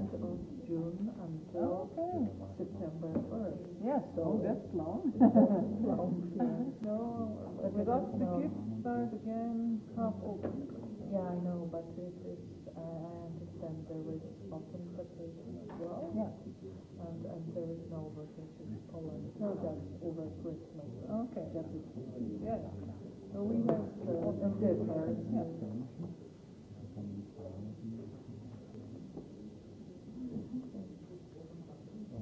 Okay, September first. Yes, so oh, that's long. long, yeah. No, but got the gift start again half open. Yeah, I know, but it is, uh, I understand there is open vacation as well. Yeah. And, and there is no vacation in Poland. No, that's over Christmas. Okay. That is, yeah. So we have uh, open difference. Yeah.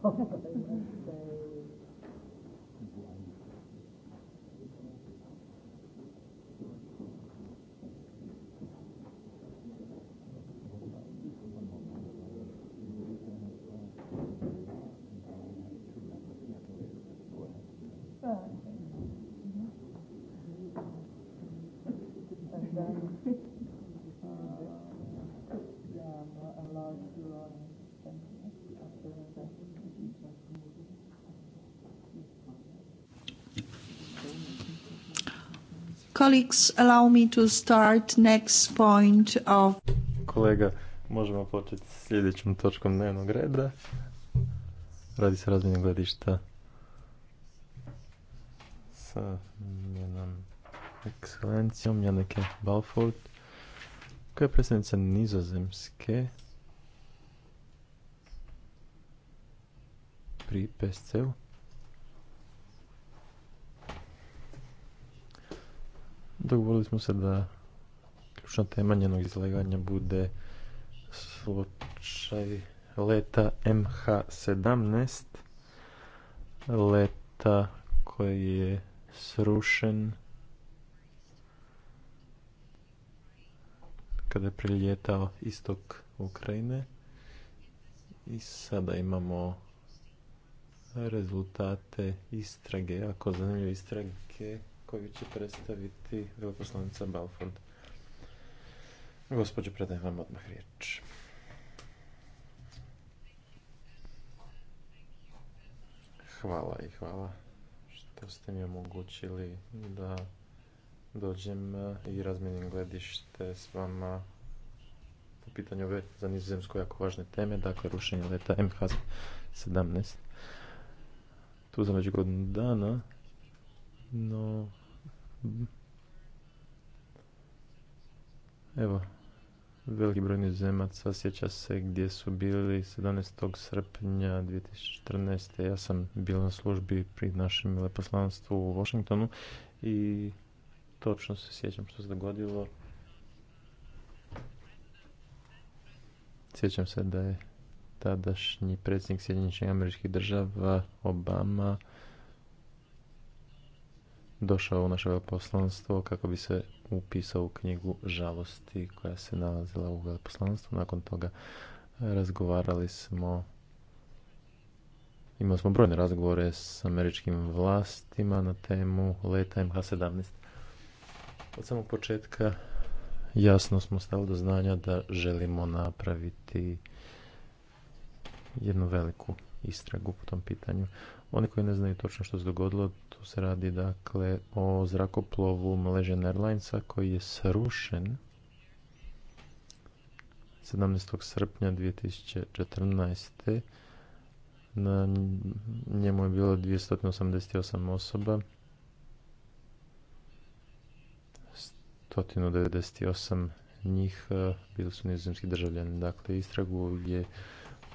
jaw po colleagues, allow me to start next point of... Kolega, možemo početi s sljedećom točkom dnevnog reda. Radi se razmjenje gledišta sa njenom ekscelencijom Janneke Balford, koja je predsjednica nizozemske pri PSC-u. Dogovorili smo se da ključna tema njenog izlaganja bude slučaj leta MH17, leta koji je srušen kada je priljetao istok Ukrajine i sada imamo rezultate istrage, jako zanimljive istrage koju će predstaviti veleposlanica Balfond. Gospodje, predajem vam odmah riječ. Hvala i hvala što ste mi omogućili da dođem i razmijenim gledište s vama po pitanju ove za nizozemsko jako važne teme, dakle rušenje leta MH17. Tu za među godinu dana, no Evo, veliki broj nizozemaca sjeća se gdje su bili 17. srpnja 2014. Ja sam bio na službi pri našem leposlanstvu u Washingtonu i točno se sjećam što se dogodilo. Sjećam se da je tadašnji predsjednik Sjedinjenih američkih država Obama došao u naše poslanstvo kako bi se upisao u knjigu žalosti koja se nalazila u veleposlanstvu. Nakon toga razgovarali smo Imali smo brojne razgovore s američkim vlastima na temu leta MH17. Od samog početka jasno smo stali do znanja da želimo napraviti jednu veliku istragu po tom pitanju. Oni koji ne znaju točno što se dogodilo, tu se radi dakle o zrakoplovu Malaysian Airlinesa koji je srušen 17. srpnja 2014. Na njemu je bilo 288 osoba. 198 njih eh, bili su nizozemski državljani. Dakle, istragu je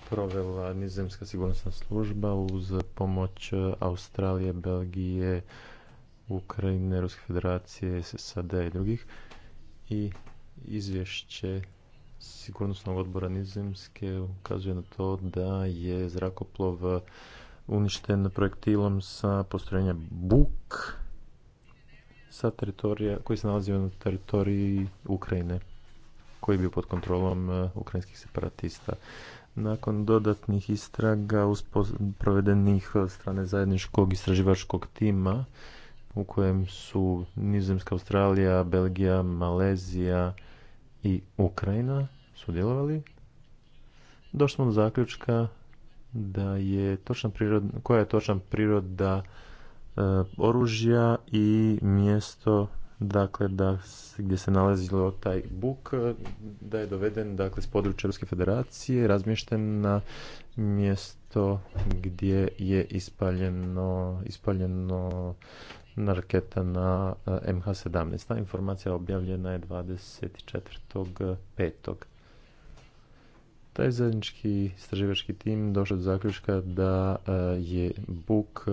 provela nizemska sigurnosna služba uz pomoć Australije, Belgije, Ukrajine, Ruske federacije, SAD i drugih. I izvješće sigurnosnog odbora nizemske ukazuje na to da je zrakoplov uništen projektilom sa postrojenja Buk sa teritorija, koji se nalazi na teritoriji Ukrajine koji je bio pod kontrolom eh, ukrajinskih separatista. Nakon dodatnih istraga provedenih od strane zajedničkog istraživačkog tima u kojem su Nizozemska, Australija, Belgija, Malezija i Ukrajina sudjelovali, došli smo do zaključka da je koja je točna priroda e, oružja i mjesto dakle da gdje se nalazilo taj buk e, da je doveden dakle s područja Ruske federacije razmješten na mjesto gdje je ispaljeno ispaljeno raketa na e, MH17. Ta informacija objavljena je 24.5. Taj zajednički istraživački tim došao do zaključka da e, je Buk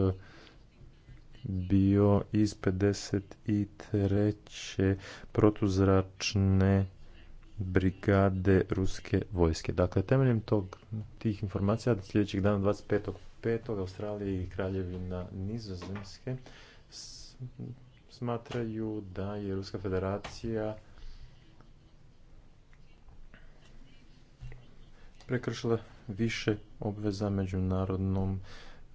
bio iz 53. protuzračne brigade ruske vojske. Dakle, temeljem tog, tih informacija sljedećeg dana 25.5. Australije i Kraljevina Nizozemske smatraju da je Ruska federacija prekršila više obveza međunarodnom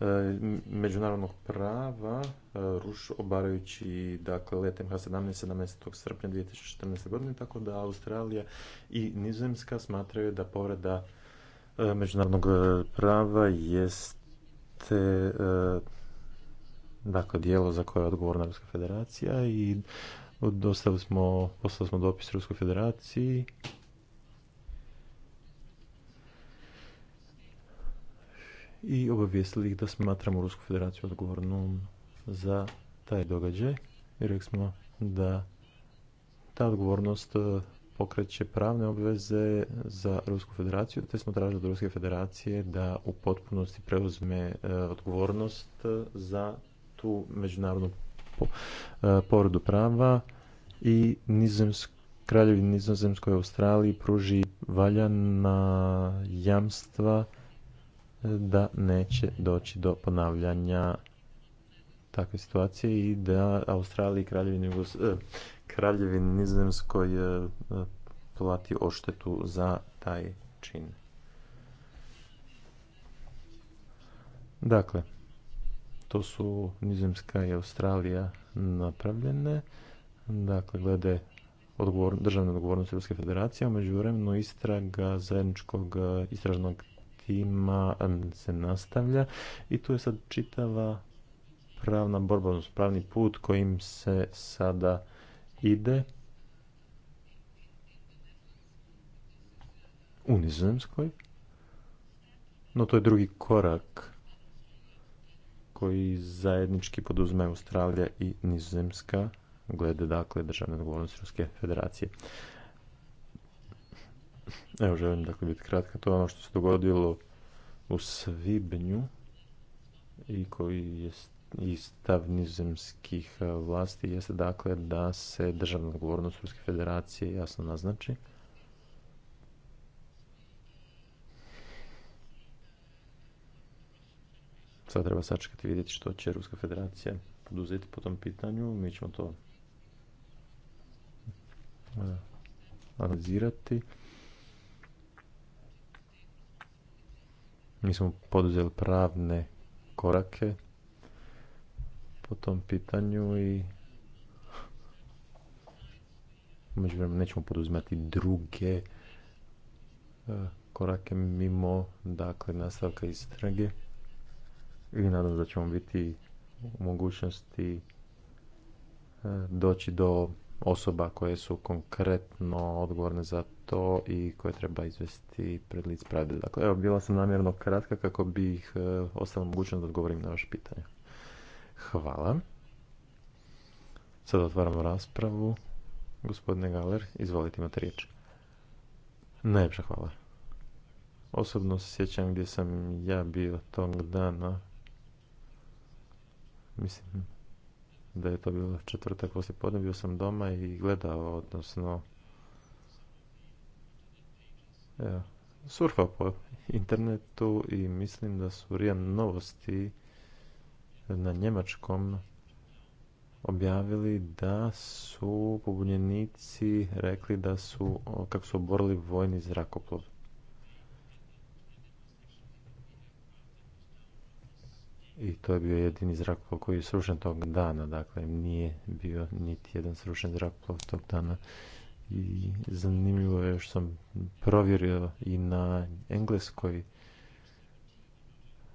E, međunarodnog prava e, Ruš obarajući dakle let MH17 17. srpnja 2014. godine tako da Australija i Nizozemska smatraju da povreda e, međunarodnog prava jeste dakle dijelo za koje je odgovorna Ruska federacija i dostavili smo, smo dopis Ruskoj federaciji i obavijestili ih da smatramo Rusku federaciju odgovornom za taj događaj i rekli smo da ta odgovornost e, pokreće pravne obveze za Rusku federaciju, te smo tražili od Ruske federacije da u potpunosti preuzme e, odgovornost e, za tu međunarodnu povredu prava i nizemsku kraljevi Nizozemskoj Australiji pruži valjana jamstva da neće doći do ponavljanja takve situacije i da Australiji kraljevini, eh, nizemskoj nizozemskoj eh, plati odštetu za taj čin. Dakle, to su Nizozemska i Australija napravljene. Dakle, glede odgovor, državne odgovornosti Ruske federacije, a međuvremeno istraga zajedničkog eh, istražnog ima, se nastavlja i tu je sad čitava pravna borba, odnosno pravni put kojim se sada ide u Nizozemskoj. No to je drugi korak koji zajednički poduzme Australija i Nizozemska glede dakle državne odgovornosti Ruske federacije. Evo, želim dakle biti kratka. To je ono što se dogodilo u Svibnju i koji je i stav nizemskih vlasti jeste dakle da se državna odgovornost Ruske federacije jasno naznači. Sad treba sačekati vidjeti što će Ruska federacija poduzeti po tom pitanju. Mi ćemo to analizirati. Mi smo poduzeli pravne korake po tom pitanju i među nećemo poduzimati druge e, korake mimo dakle nastavka istrage i nadam se da ćemo biti u mogućnosti e, doći do osoba koje su konkretno odgovorne za to i koje treba izvesti pred lic pravde. Dakle, evo, bila sam namjerno kratka kako bih ih e, ostala mogućnost da odgovorim na vaše pitanje. Hvala. Sada otvaramo raspravu. Gospodine Galer, izvolite imate riječ. Najljepša hvala. Osobno se sjećam gdje sam ja bio tog dana. Mislim, da je to bilo četvrtak poslije podne, bio sam doma i gledao, odnosno ja, surfao po internetu i mislim da su rijan novosti na njemačkom objavili da su pobunjenici rekli da su, kako su oborili vojni zrakoplov. i to je bio jedini zrakoplov koji je srušen tog dana, dakle nije bio niti jedan srušen zrakoplov tog dana. I zanimljivo je što sam provjerio i na engleskoj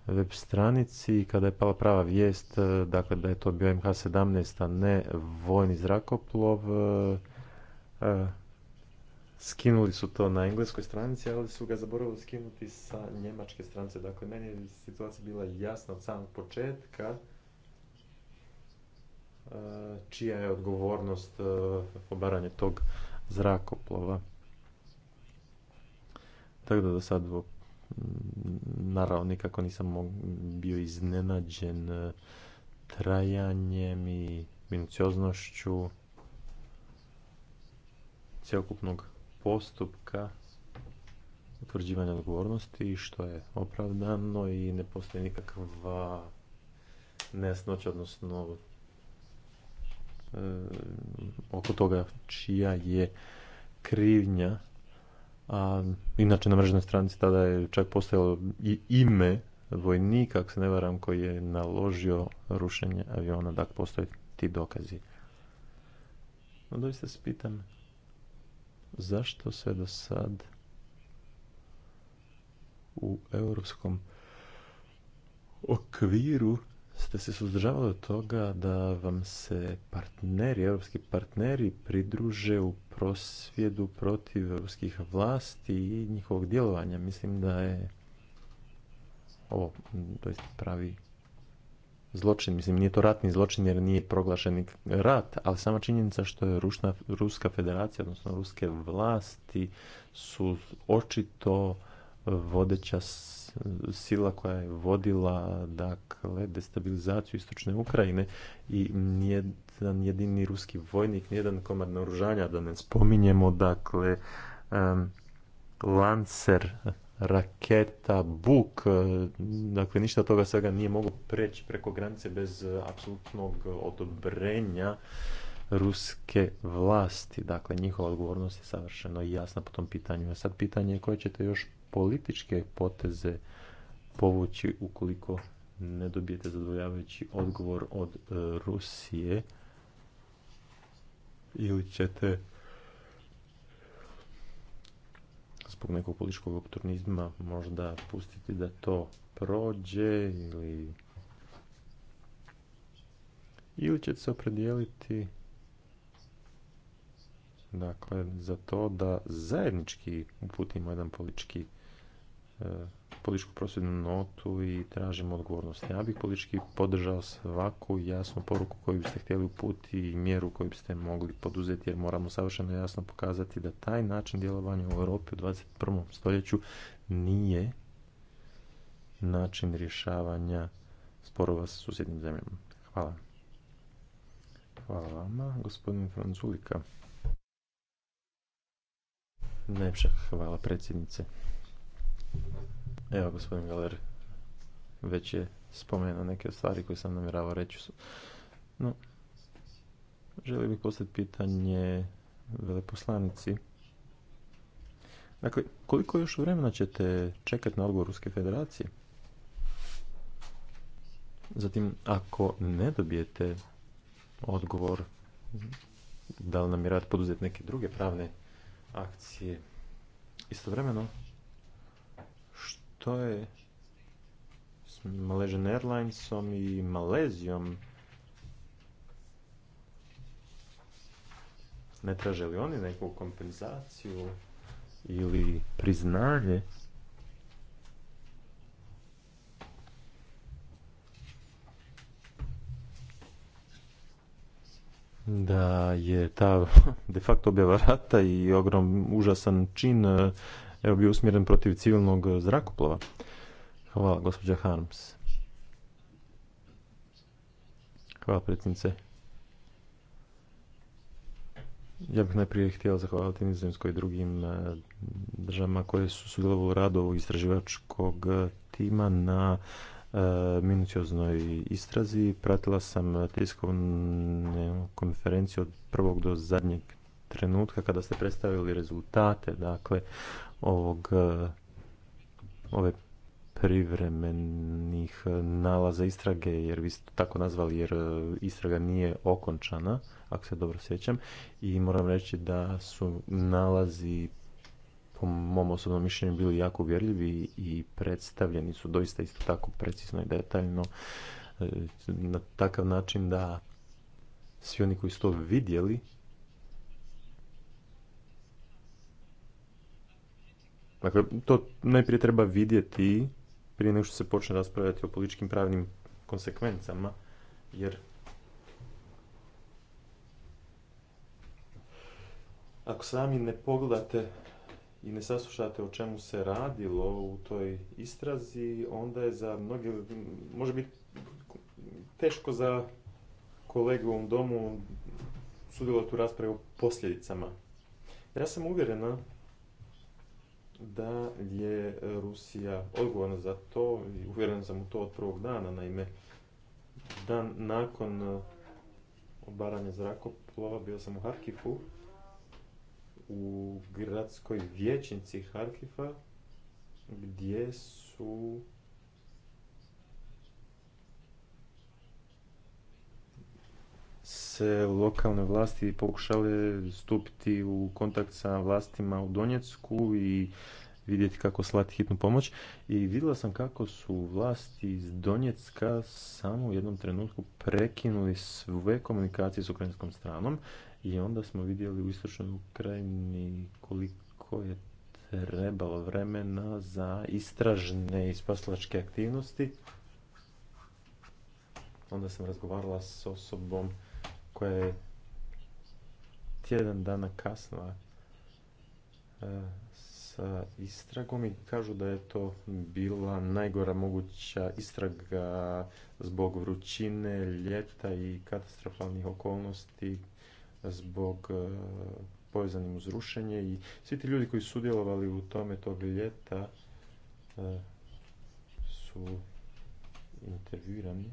web stranici kada je pala prava vijest, e, dakle da je to bio MH17, a ne vojni zrakoplov. E, e, Skinuli su to na engleskoj stranici, ali su ga zaboravili skinuti sa njemačke stranice. Dakle, meni je situacija bila jasna od samog početka e, čija je odgovornost e, obaranje tog zrakoplova. Tako da do sad naravno nikako nisam bio iznenađen e, trajanjem i minucioznošću cjelokupnog postupka utvrđivanja odgovornosti što je opravdano i ne postoji nikakva nejasnoća, odnosno e, oko toga čija je krivnja. A, inače na mrežnoj stranici tada je čak postojalo i ime vojnika, ako se ne varam, koji je naložio rušenje aviona, dakle postoje ti dokazi. No doista se pitam zašto se do sad u europskom okviru ste se suzdržavali od toga da vam se partneri, europski partneri pridruže u prosvjedu protiv europskih vlasti i njihovog djelovanja. Mislim da je ovo pravi zločin, mislim nije to ratni zločin jer nije proglašen rat, ali sama činjenica što je Ruska federacija, odnosno ruske vlasti su očito vodeća sila koja je vodila dakle destabilizaciju istočne Ukrajine i nijedan jedini ruski vojnik, nijedan komad naoružanja da ne spominjemo dakle Lancer raketa, buk, e, dakle ništa od toga svega nije moglo preći preko granice bez e, apsolutnog odobrenja ruske vlasti. Dakle, njihova odgovornost je savršeno i jasna po tom pitanju. A sad pitanje je koje ćete još političke poteze povući ukoliko ne dobijete zadovoljavajući odgovor od e, Rusije ili ćete zbog nekog političkog oportunizma možda pustiti da to prođe ili ili će se opredijeliti dakle za to da zajednički uputimo jedan politički e, političku prosvjednu notu i tražim odgovornost. Ja bih politički podržao svaku jasnu poruku koju biste htjeli uputi i mjeru koju biste mogli poduzeti jer moramo savršeno jasno pokazati da taj način djelovanja u Europi u 21. stoljeću nije način rješavanja sporova sa susjednim zemljama. Hvala. Hvala vama, gospodin Franculika. Najpša hvala predsjednice. Evo, gospodin Galer već je spomenuo neke stvari koje sam namjeravao reći. No, želio bih postaviti pitanje veleposlanici. Dakle, koliko još vremena ćete čekati na odgovor Ruske federacije? Zatim, ako ne dobijete odgovor, da li namjerate poduzeti neke druge pravne akcije? Istovremeno, to je s Malaysian Airlinesom i Malezijom. Ne traže li oni neku kompenzaciju ili priznanje? da je ta de facto objava rata i ogrom užasan čin evo, bio usmjeren protiv civilnog e, zrakoplova. Hvala, gospođa Harms. Hvala, predsjednice. Ja bih najprije htjela zahvaliti Nizozemskoj i drugim e, državama koje su sudjelovali u radu ovog istraživačkog e, tima na minucioznoj istrazi. Pratila sam tiskovnu konferenciju od prvog do zadnjeg trenutka kada ste predstavili rezultate dakle ovog e, ove privremenih e, nalaza istrage, jer vi ste tako nazvali, jer e, istraga nije okončana, ako se dobro sjećam. I moram reći da su nalazi, po mom osobnom mišljenju, bili jako vjerljivi i predstavljeni su doista isto tako precizno i detaljno na takav način da svi oni koji su to vidjeli Dakle, to najprije treba vidjeti prije nego što se počne raspravljati o političkim pravnim konsekvencama, jer ako sami ne pogledate i ne saslušate o čemu se radilo u toj istrazi, onda je za mnoge, može biti teško za kolegu u ovom domu sudjelovati u raspravi o posljedicama. Ja sam uvjerena da je Rusija odgovorna za to i uvjeren sam u to od prvog dana, naime dan nakon e, obaranja zrakoplova bio sam u Harkifu u gradskoj vječnici Harkifa gdje su se lokalne vlasti pokušale stupiti u kontakt sa vlastima u Donjecku i vidjeti kako slati hitnu pomoć. I vidjela sam kako su vlasti iz Donjecka samo u jednom trenutku prekinuli sve komunikacije s ukrajinskom stranom i onda smo vidjeli u istočnoj Ukrajini koliko je trebalo vremena za istražne i spasilačke aktivnosti. Onda sam razgovarala s osobom koja je tjedan dana kasnila e, sa istragom i kažu da je to bila najgora moguća istraga zbog vrućine, ljeta i katastrofalnih okolnosti zbog e, povezanim uz rušenje i svi ti ljudi koji su sudjelovali u tome tog ljeta e, su intervjuirani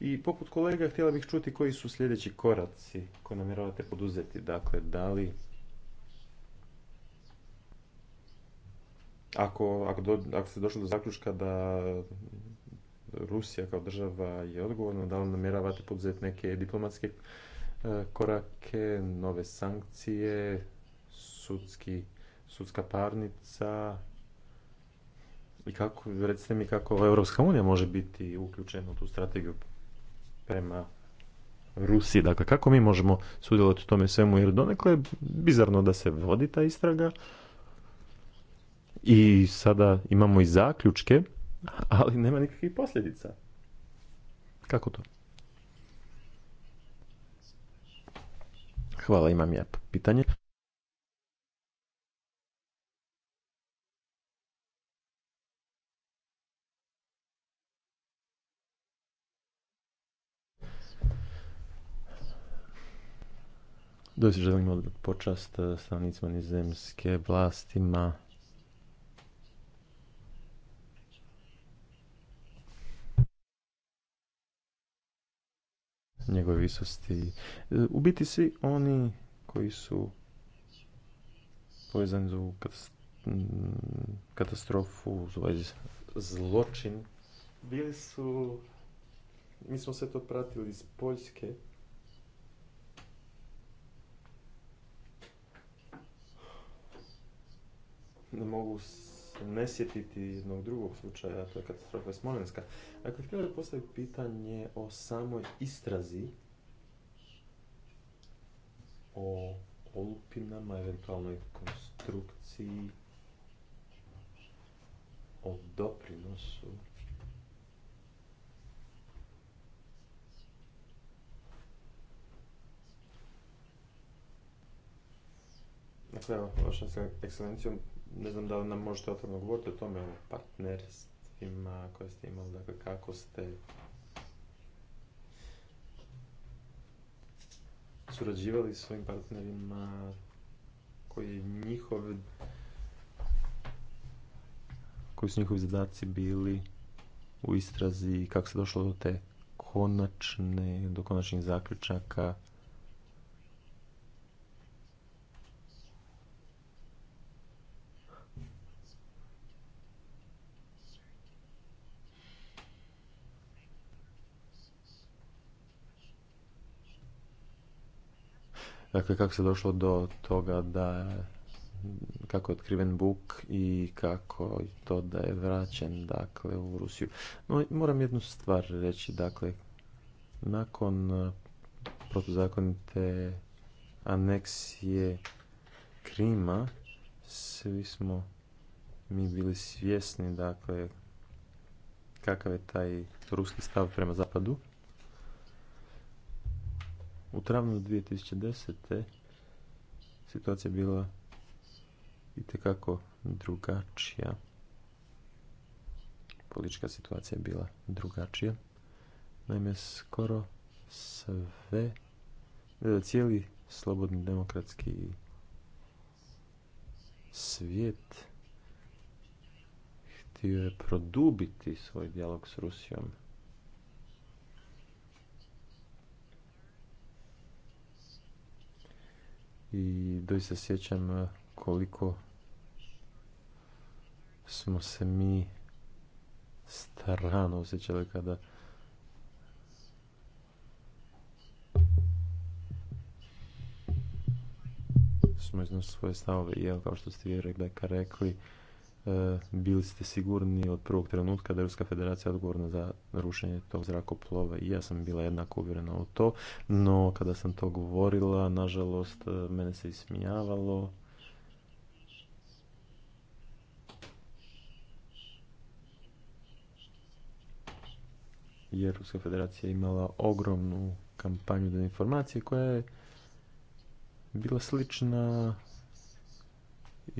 I poput kolega htjela bih čuti koji su sljedeći koraci koje namjeravate poduzeti. Dakle, da li ako, ako, do, ako se došlo do zaključka da Rusija kao država je odgovorna, da li namjeravate poduzeti neke diplomatske e, korake, nove sankcije, sudski, sudska parnica i kako, recite mi kako Europska unija može biti uključena u tu strategiju prema Rusiji. Dakle, kako mi možemo sudjelovati u tome svemu? Jer donekle je bizarno da se vodi ta istraga i sada imamo i zaključke, ali nema nikakvih posljedica. Kako to? Hvala, imam ja pitanje. Doista želim odati počast eh, stranicima zemske vlastima. Njegove visosti. Eh, u biti svi oni koji su povezani za mm, katastrofu, za zločin, bili su... Mi smo se to pratili iz Poljske. ne mogu ne sjetiti jednog drugog slučaja, to je katastrofa Smolenska. Dakle, htio bih postaviti pitanje o samoj istrazi, o olupinama, eventualnoj konstrukciji, o doprinosu. Dakle, evo, vaša ekscelencijom, ne znam da li nam možete otvorno govoriti o tome, o partnerstvima koje ste imali, dakle kako ste surađivali s svojim partnerima, koji njihov koji su njihovi zadaci bili u istrazi i kako se došlo do te konačne, do konačnih zaključaka Dakle, kako se došlo do toga da kako je otkriven Buk i kako to da je vraćen dakle u Rusiju. No, moram jednu stvar reći, dakle, nakon e, protuzakonite aneksije Krima, svi smo mi bili svjesni, dakle, kakav je taj ruski stav prema zapadu. U travnju 2010. situacija je bila itekako drugačija. Politička situacija je bila drugačija. Naime, skoro sve, e, cijeli slobodni demokratski svijet htio je produbiti svoj dijalog s Rusijom. i doista sjećam e, koliko smo se mi starano osjećali kada smo iznosili svoje stavove i kao što ste vi rekli dakle, E, bili ste sigurni od prvog trenutka da je Ruska federacija odgovorna za rušenje tog zrakoplova i ja sam bila jednako uvjerena u to, no kada sam to govorila, nažalost, e, mene se ismijavalo. Jer Ruska federacija imala ogromnu kampanju za informacije koja je bila slična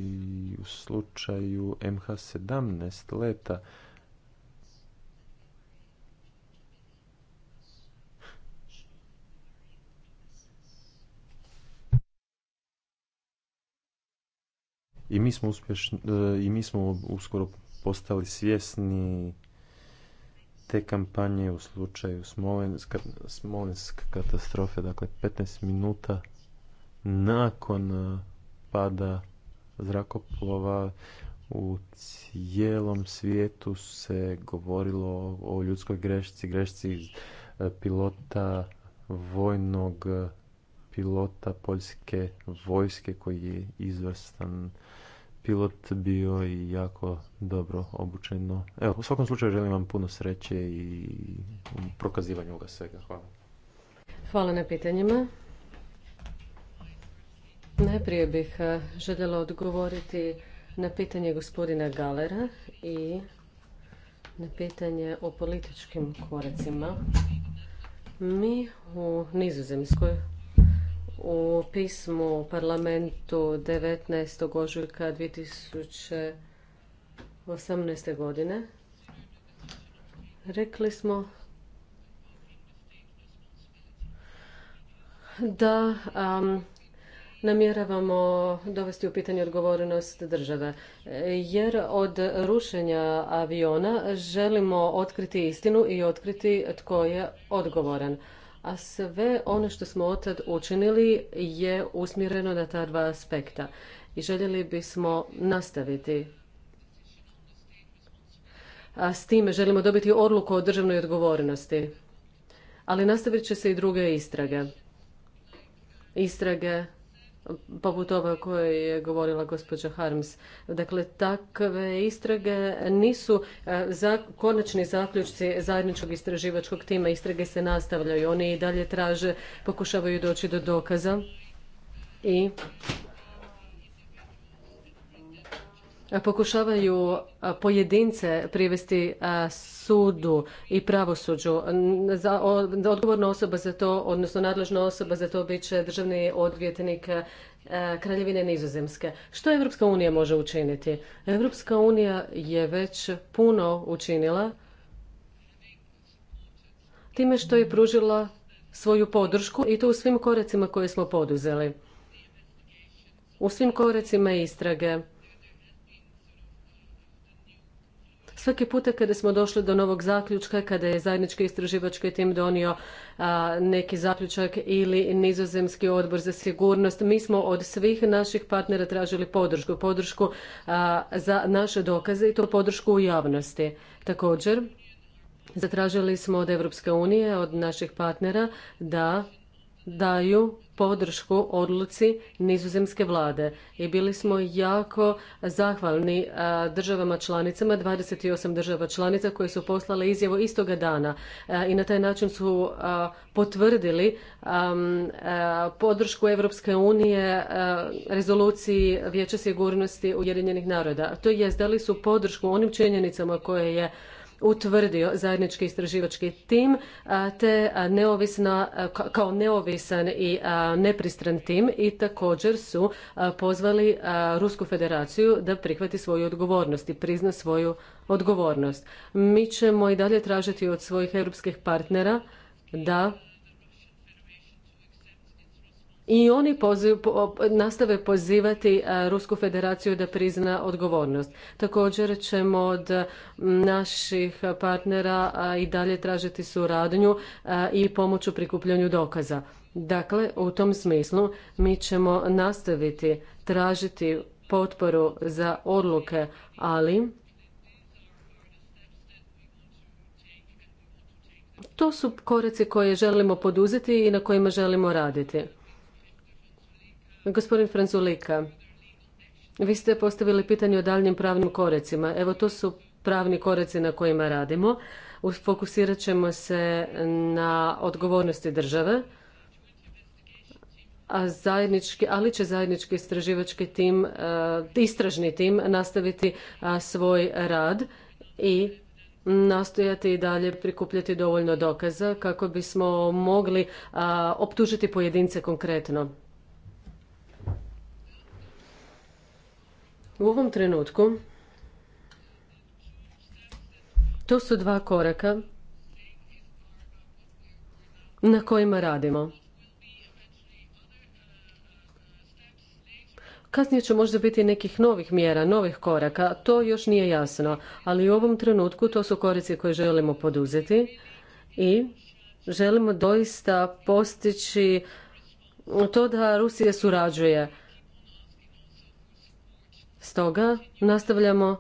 i u slučaju MH17 leta i mi smo e, i mi smo uskoro postali svjesni te kampanje u slučaju Smolenska, Smolensk katastrofe, dakle 15 minuta nakon e, pada zrakoplova u cijelom svijetu se govorilo o ljudskoj grešci, grešci e, pilota vojnog e, pilota poljske vojske koji je izvrstan pilot bio i jako dobro obučeno. Evo, u svakom slučaju želim vam puno sreće i prokazivanju ovoga svega. Hvala. Hvala na pitanjima. Najprije bih eh, željela odgovoriti na pitanje gospodina Galera i na pitanje o političkim koracima. Mi u Nizozemskoj u pismu parlamentu 19. ožujka 2018. godine rekli smo da namjeravamo dovesti u pitanje odgovornost države. E, jer od rušenja aviona želimo otkriti istinu i otkriti tko je odgovoran. A sve ono što smo otad tad učinili je usmjereno na ta dva aspekta. I željeli bismo nastaviti a s time želimo dobiti odluku o državnoj odgovornosti. Ali nastavit će se i druge istrage. Istrage poput ove o je govorila gospođa Harms. Dakle, takve istrage nisu e, za, konačni zaključci zajedničkog istraživačkog tima. Istrage se nastavljaju, oni i dalje traže, pokušavaju doći do dokaza i pokušavaju pojedince privesti sudu i pravosuđu. Odgovorna osoba za to, odnosno nadležna osoba za to, bit će državni odvjetnik Kraljevine Nizozemske. Što Evropska unija može učiniti? Evropska unija je već puno učinila time što je pružila svoju podršku i to u svim koracima koje smo poduzeli. U svim koracima istrage Svaki puta kada smo došli do novog zaključka, kada je zajednički istraživački tim donio neki zaključak ili nizozemski odbor za sigurnost, mi smo od svih naših partnera tražili podršku, podršku za naše dokaze i to podršku u javnosti. Također, zatražili smo od Europske unije, od naših partnera da daju podršku odluci nizozemske vlade i bili smo jako zahvalni e, državama članicama, 28 država članica koje su poslale izjavu istoga dana e, i na taj način su e, potvrdili podršku Europske unije rezoluciji Vijeća sigurnosti Ujedinjenih naroda. To je, dali su podršku onim činjenicama koje je utvrdio zajednički istraživački tim te neovisna, kao neovisan i nepristran tim i također su pozvali Rusku federaciju da prihvati svoju odgovornost i prizna svoju odgovornost. Mi ćemo i dalje tražiti od svojih europskih partnera da i oni poziv, nastave pozivati e, Rusku federaciju da prizna odgovornost. Također ćemo od naših partnera i dalje tražiti suradnju e, i pomoć u prikupljanju dokaza. Dakle, u tom smislu mi ćemo nastaviti tražiti potporu za odluke, ali to su koraci koje želimo poduzeti i na kojima želimo raditi. Gospodin Franzulika, vi ste postavili pitanje o daljnjim pravnim korecima. Evo to su pravni koreci na kojima radimo. Fokusirat ćemo se na odgovornosti države, a zajednički, ali će zajednički istraživački tim, e, istražni tim nastaviti svoj rad i nastojati i dalje prikupljati dovoljno dokaza kako bismo mogli optužiti pojedince konkretno. U ovom trenutku to su dva koraka na kojima radimo. Kasnije će možda biti nekih novih mjera, novih koraka, to još nije jasno, ali u ovom trenutku to su korici koje želimo poduzeti i želimo doista postići to da Rusija surađuje Stoga nastavljamo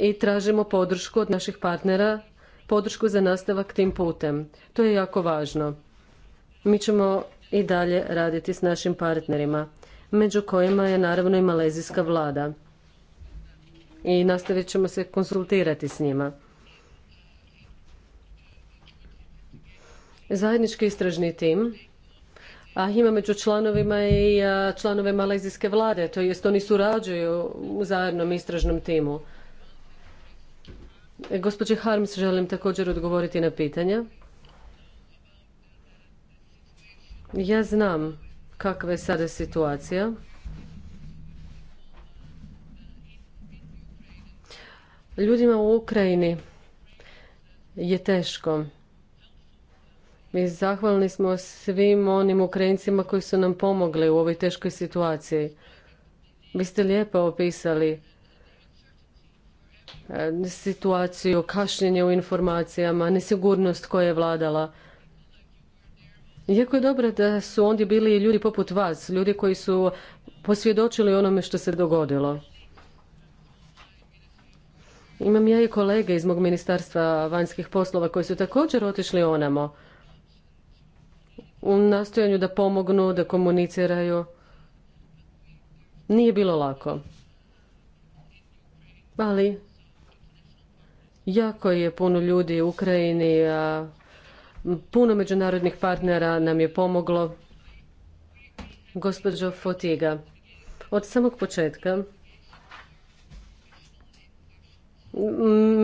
i tražimo podršku od naših partnera, podršku za nastavak tim putem. To je jako važno. Mi ćemo i dalje raditi s našim partnerima, među kojima je naravno i malezijska vlada. I nastavit ćemo se konsultirati s njima. Zajednički istražni tim a ima među članovima i članove malezijske vlade, to jest oni surađuju u zajednom istražnom timu. E, gospođe Harms želim također odgovoriti na pitanja. Ja znam kakva je sada situacija. Ljudima u Ukrajini je teško. Mi zahvalni smo svim onim Ukrajincima koji su nam pomogli u ovoj teškoj situaciji. Vi ste lijepo opisali e, situaciju, kašnjenje u informacijama, nesigurnost koja je vladala. Iako je dobro da su ondje bili i ljudi poput vas, ljudi koji su posvjedočili onome što se dogodilo. Imam ja i kolege iz mog ministarstva vanjskih poslova koji su također otišli onamo u nastojanju da pomognu, da komuniciraju. Nije bilo lako. Ali jako je puno ljudi u Ukrajini, a puno međunarodnih partnera nam je pomoglo. Gospođo Fotiga, od samog početka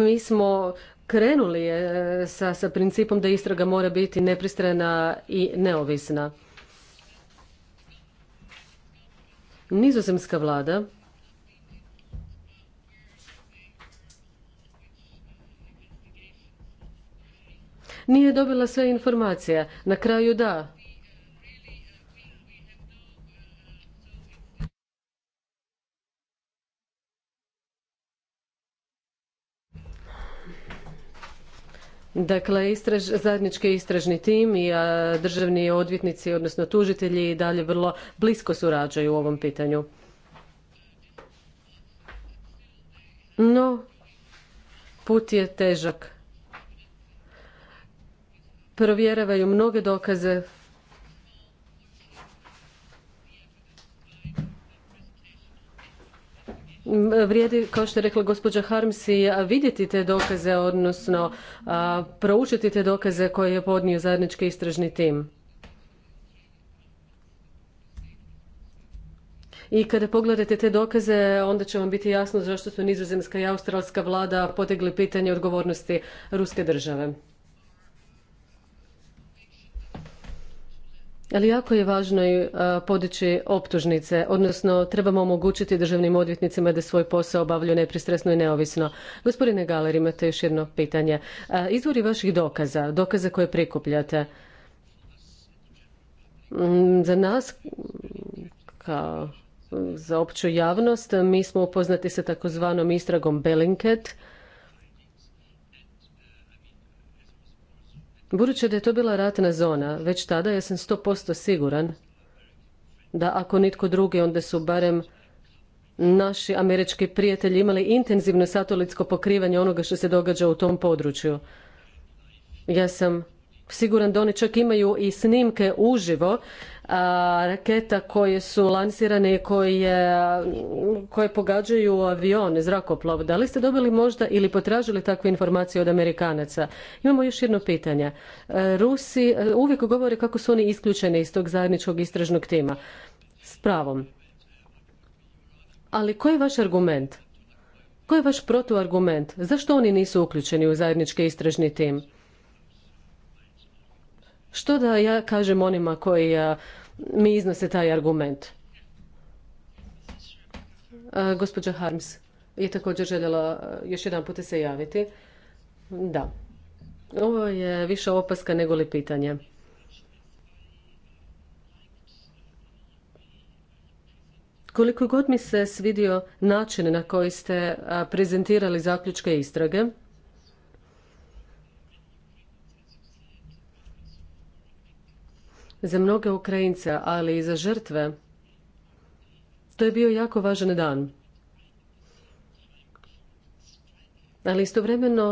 mi smo krenuli je e, sa, sa principom da istraga mora biti nepristrana i neovisna. Nizozemska vlada nije dobila sve informacije. Na kraju da, Dakle, zajednički istražni tim i a, državni odvjetnici, odnosno tužitelji i dalje vrlo blisko surađaju u ovom pitanju. No, put je težak. Provjeravaju mnoge dokaze, Vrijedi, kao što je rekla gospođa Harmsi, vidjeti te dokaze, odnosno proučiti te dokaze koje je podnio zajednički istražni tim. I kada pogledate te dokaze, onda će vam biti jasno zašto su nizozemska i australska vlada potegli pitanje odgovornosti ruske države. Ali jako je važno e, podići optužnice, odnosno trebamo omogućiti državnim odvjetnicima da svoj posao obavljaju nepristrasno i neovisno. Gospodine Galer, imate još jedno pitanje. E, izvori vaših dokaza, dokaza koje prikupljate, za nas kao za opću javnost mi smo upoznati sa takozvanom istragom Bellingcat, Budući da je to bila ratna zona, već tada ja sam 100% siguran da ako nitko drugi, onda su barem naši američki prijatelji imali intenzivno satelitsko pokrivanje onoga što se događa u tom području. Ja sam siguran da oni čak imaju i snimke uživo raketa koje su lansirane i koje, pogađaju avion, zrakoplov. Da li ste dobili možda ili potražili takve informacije od Amerikanaca? Imamo još jedno pitanje. E, Rusi e, uvijek govore kako su oni isključeni iz tog zajedničkog istražnog tima. S pravom. Ali koji je vaš argument? Koji je vaš protuargument? Zašto oni nisu uključeni u zajednički istražni tim? Što da ja kažem onima koji mi iznose taj argument? Gospođa Harms je također željela još jedan put se javiti. Da. Ovo je više opaska nego li pitanje. Koliko god mi se svidio način na koji ste prezentirali zaključke istrage, Za mnoge Ukrajince, ali i za žrtve, to je bio jako važan dan. Ali istovremeno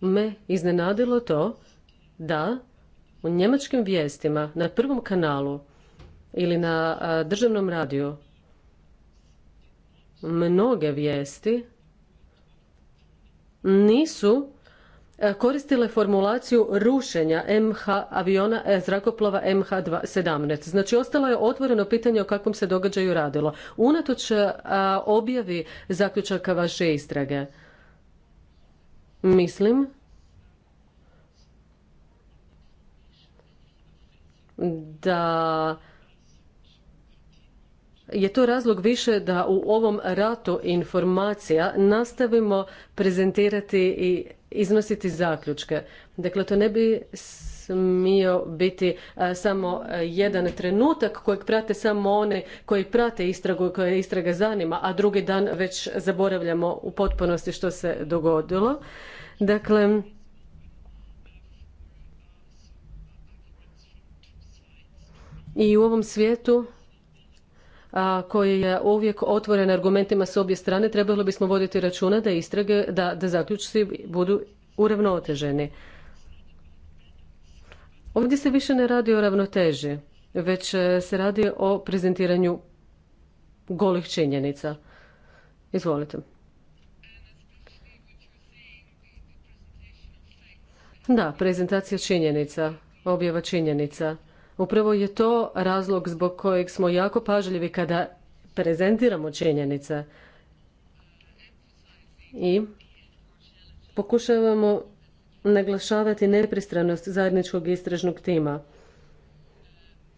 me iznenadilo to da u njemačkim vijestima na prvom kanalu ili na državnom radiju mnoge vijesti nisu E, koristile formulaciju rušenja MH aviona e, zrakoplova MH17. Znači ostalo je otvoreno pitanje o kakvom se događaju radilo. Unatoč e, objavi zaključaka vaše istrage. Mislim da je to razlog više da u ovom ratu informacija nastavimo prezentirati i iznositi zaključke. Dakle, to ne bi smio biti e, samo e, jedan trenutak kojeg prate samo one koji prate istragu i koje istraga zanima, a drugi dan već zaboravljamo u potpunosti što se dogodilo. Dakle, i u ovom svijetu koji je uvijek otvoren argumentima s obje strane, trebalo bismo voditi računa da istrage, da, da zaključci budu uravnoteženi. Ovdje se više ne radi o ravnoteži, već e, se radi o prezentiranju golih činjenica. Izvolite. Da, prezentacija činjenica, objava činjenica. Upravo je to razlog zbog kojeg smo jako pažljivi kada prezentiramo činjenice i pokušavamo naglašavati nepristranost zajedničkog istražnog tima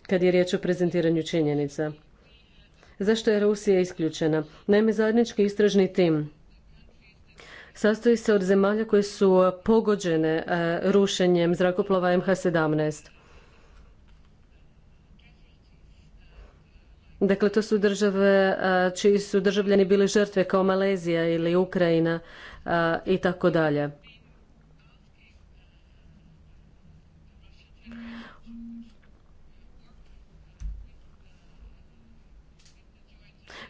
kad je riječ o prezentiranju činjenica. Zašto je Rusija isključena? Naime, zajednički istražni tim sastoji se od zemalja koje su pogođene e, rušenjem zrakoplova MH17. Dakle, to su države čiji su državljani bili žrtve kao Malezija ili Ukrajina i tako dalje.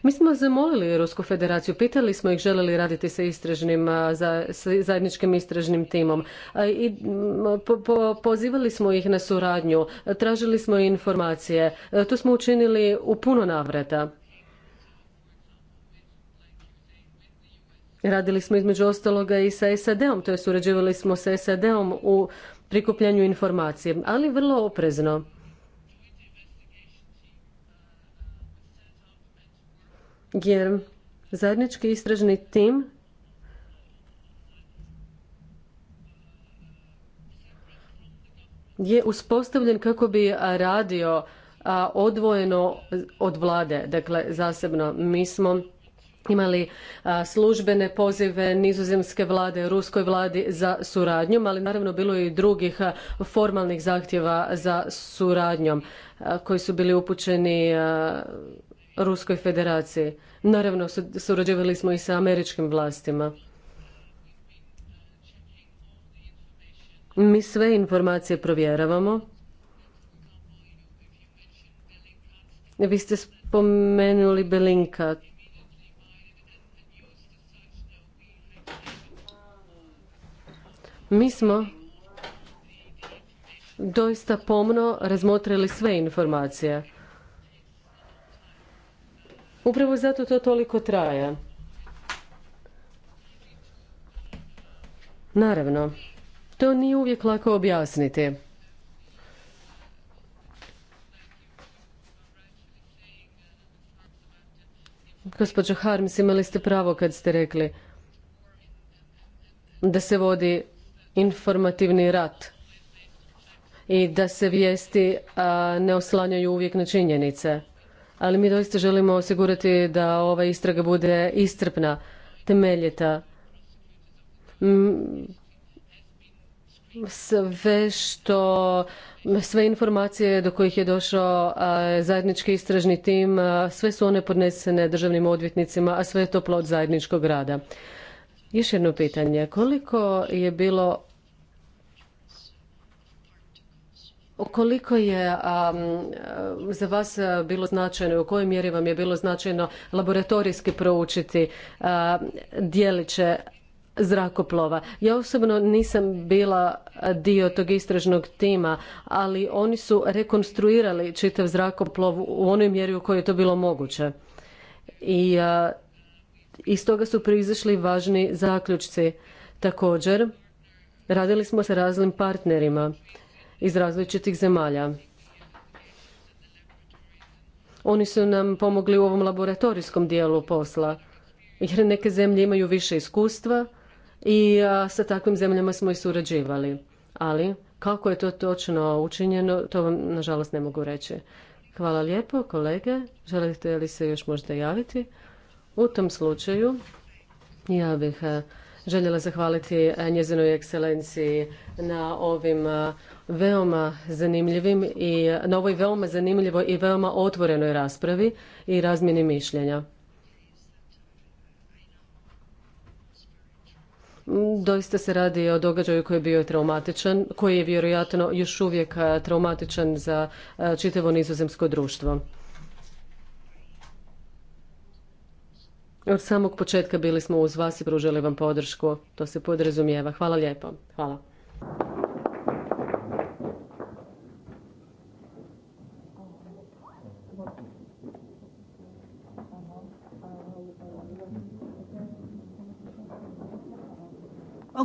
Mi smo zamolili Rusku federaciju, pitali smo ih želeli raditi sa istražnim, za, sa zajedničkim istražnim timom i pozivali smo ih na suradnju, tražili smo informacije. To smo učinili u puno navrata. Radili smo između ostaloga i sa SAD-om, to je surađivali smo sa SAD-om u prikupljanju informacije, ali vrlo oprezno. jer zajednički istražni tim je uspostavljen kako bi radio odvojeno od vlade, dakle zasebno. Mi smo imali službene pozive nizozemske vlade, ruskoj vladi za suradnjom, ali naravno bilo je i drugih formalnih zahtjeva za suradnjom koji su bili upućeni Ruskoj federaciji. Naravno, surađivali smo i sa američkim vlastima. Mi sve informacije provjeravamo. Vi ste spomenuli Belinka. Mi smo doista pomno razmotrili sve informacije. Upravo zato to toliko traje. Naravno, to nije uvijek lako objasniti. Gospođo Harms, imali ste pravo kad ste rekli da se vodi informativni rat i da se vijesti ne oslanjaju uvijek na činjenice ali mi doista želimo osigurati da ova istraga bude istrpna, temeljita. Mm, sve što, sve informacije do kojih je došao zajednički istražni tim, sve su one podnesene državnim odvjetnicima, a sve je to plod zajedničkog rada. Još jedno pitanje. Koliko je bilo Koliko je e, za vas e, bilo značajno i u kojoj mjeri vam je bilo značajno laboratorijski proučiti djeliće dijeliće zrakoplova. Ja osobno nisam bila dio tog istražnog tima, ali oni su rekonstruirali čitav zrakoplov u onoj mjeri u kojoj je to bilo moguće. I e, iz toga su proizašli važni zaključci. Također, radili smo sa raznim partnerima iz različitih zemalja. Oni su nam pomogli u ovom laboratorijskom dijelu posla, jer neke zemlje imaju više iskustva i sa takvim zemljama smo i surađivali. Ali kako je to točno učinjeno, to vam nažalost ne mogu reći. Hvala lijepo, kolege. Želite li se još možda javiti? U tom slučaju ja bih željela zahvaliti njezinoj ekscelenciji na ovim veoma zanimljivim i na ovoj veoma zanimljivoj i veoma otvorenoj raspravi i razmjeni mišljenja. Doista se radi o događaju koji je bio traumatičan, koji je vjerojatno još uvijek traumatičan za čitavo nizozemsko društvo. Od samog početka bili smo uz vas i pružili vam podršku. To se podrazumijeva. Hvala lijepo. Hvala.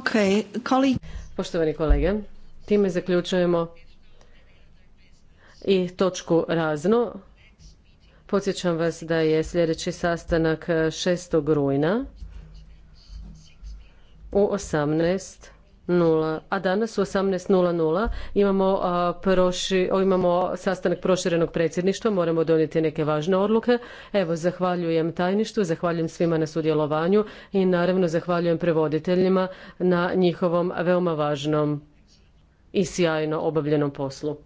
Okay, Poštovani kolege, time zaključujemo i točku razno. Podsjećam vas da je sljedeći sastanak 6. rujna u 18. A danas u 18.00 imamo, imamo sastanak proširenog predsjedništva, moramo donijeti neke važne odluke. Evo, zahvaljujem tajništu, zahvaljujem svima na sudjelovanju i naravno zahvaljujem prevoditeljima na njihovom veoma važnom i sjajno obavljenom poslu.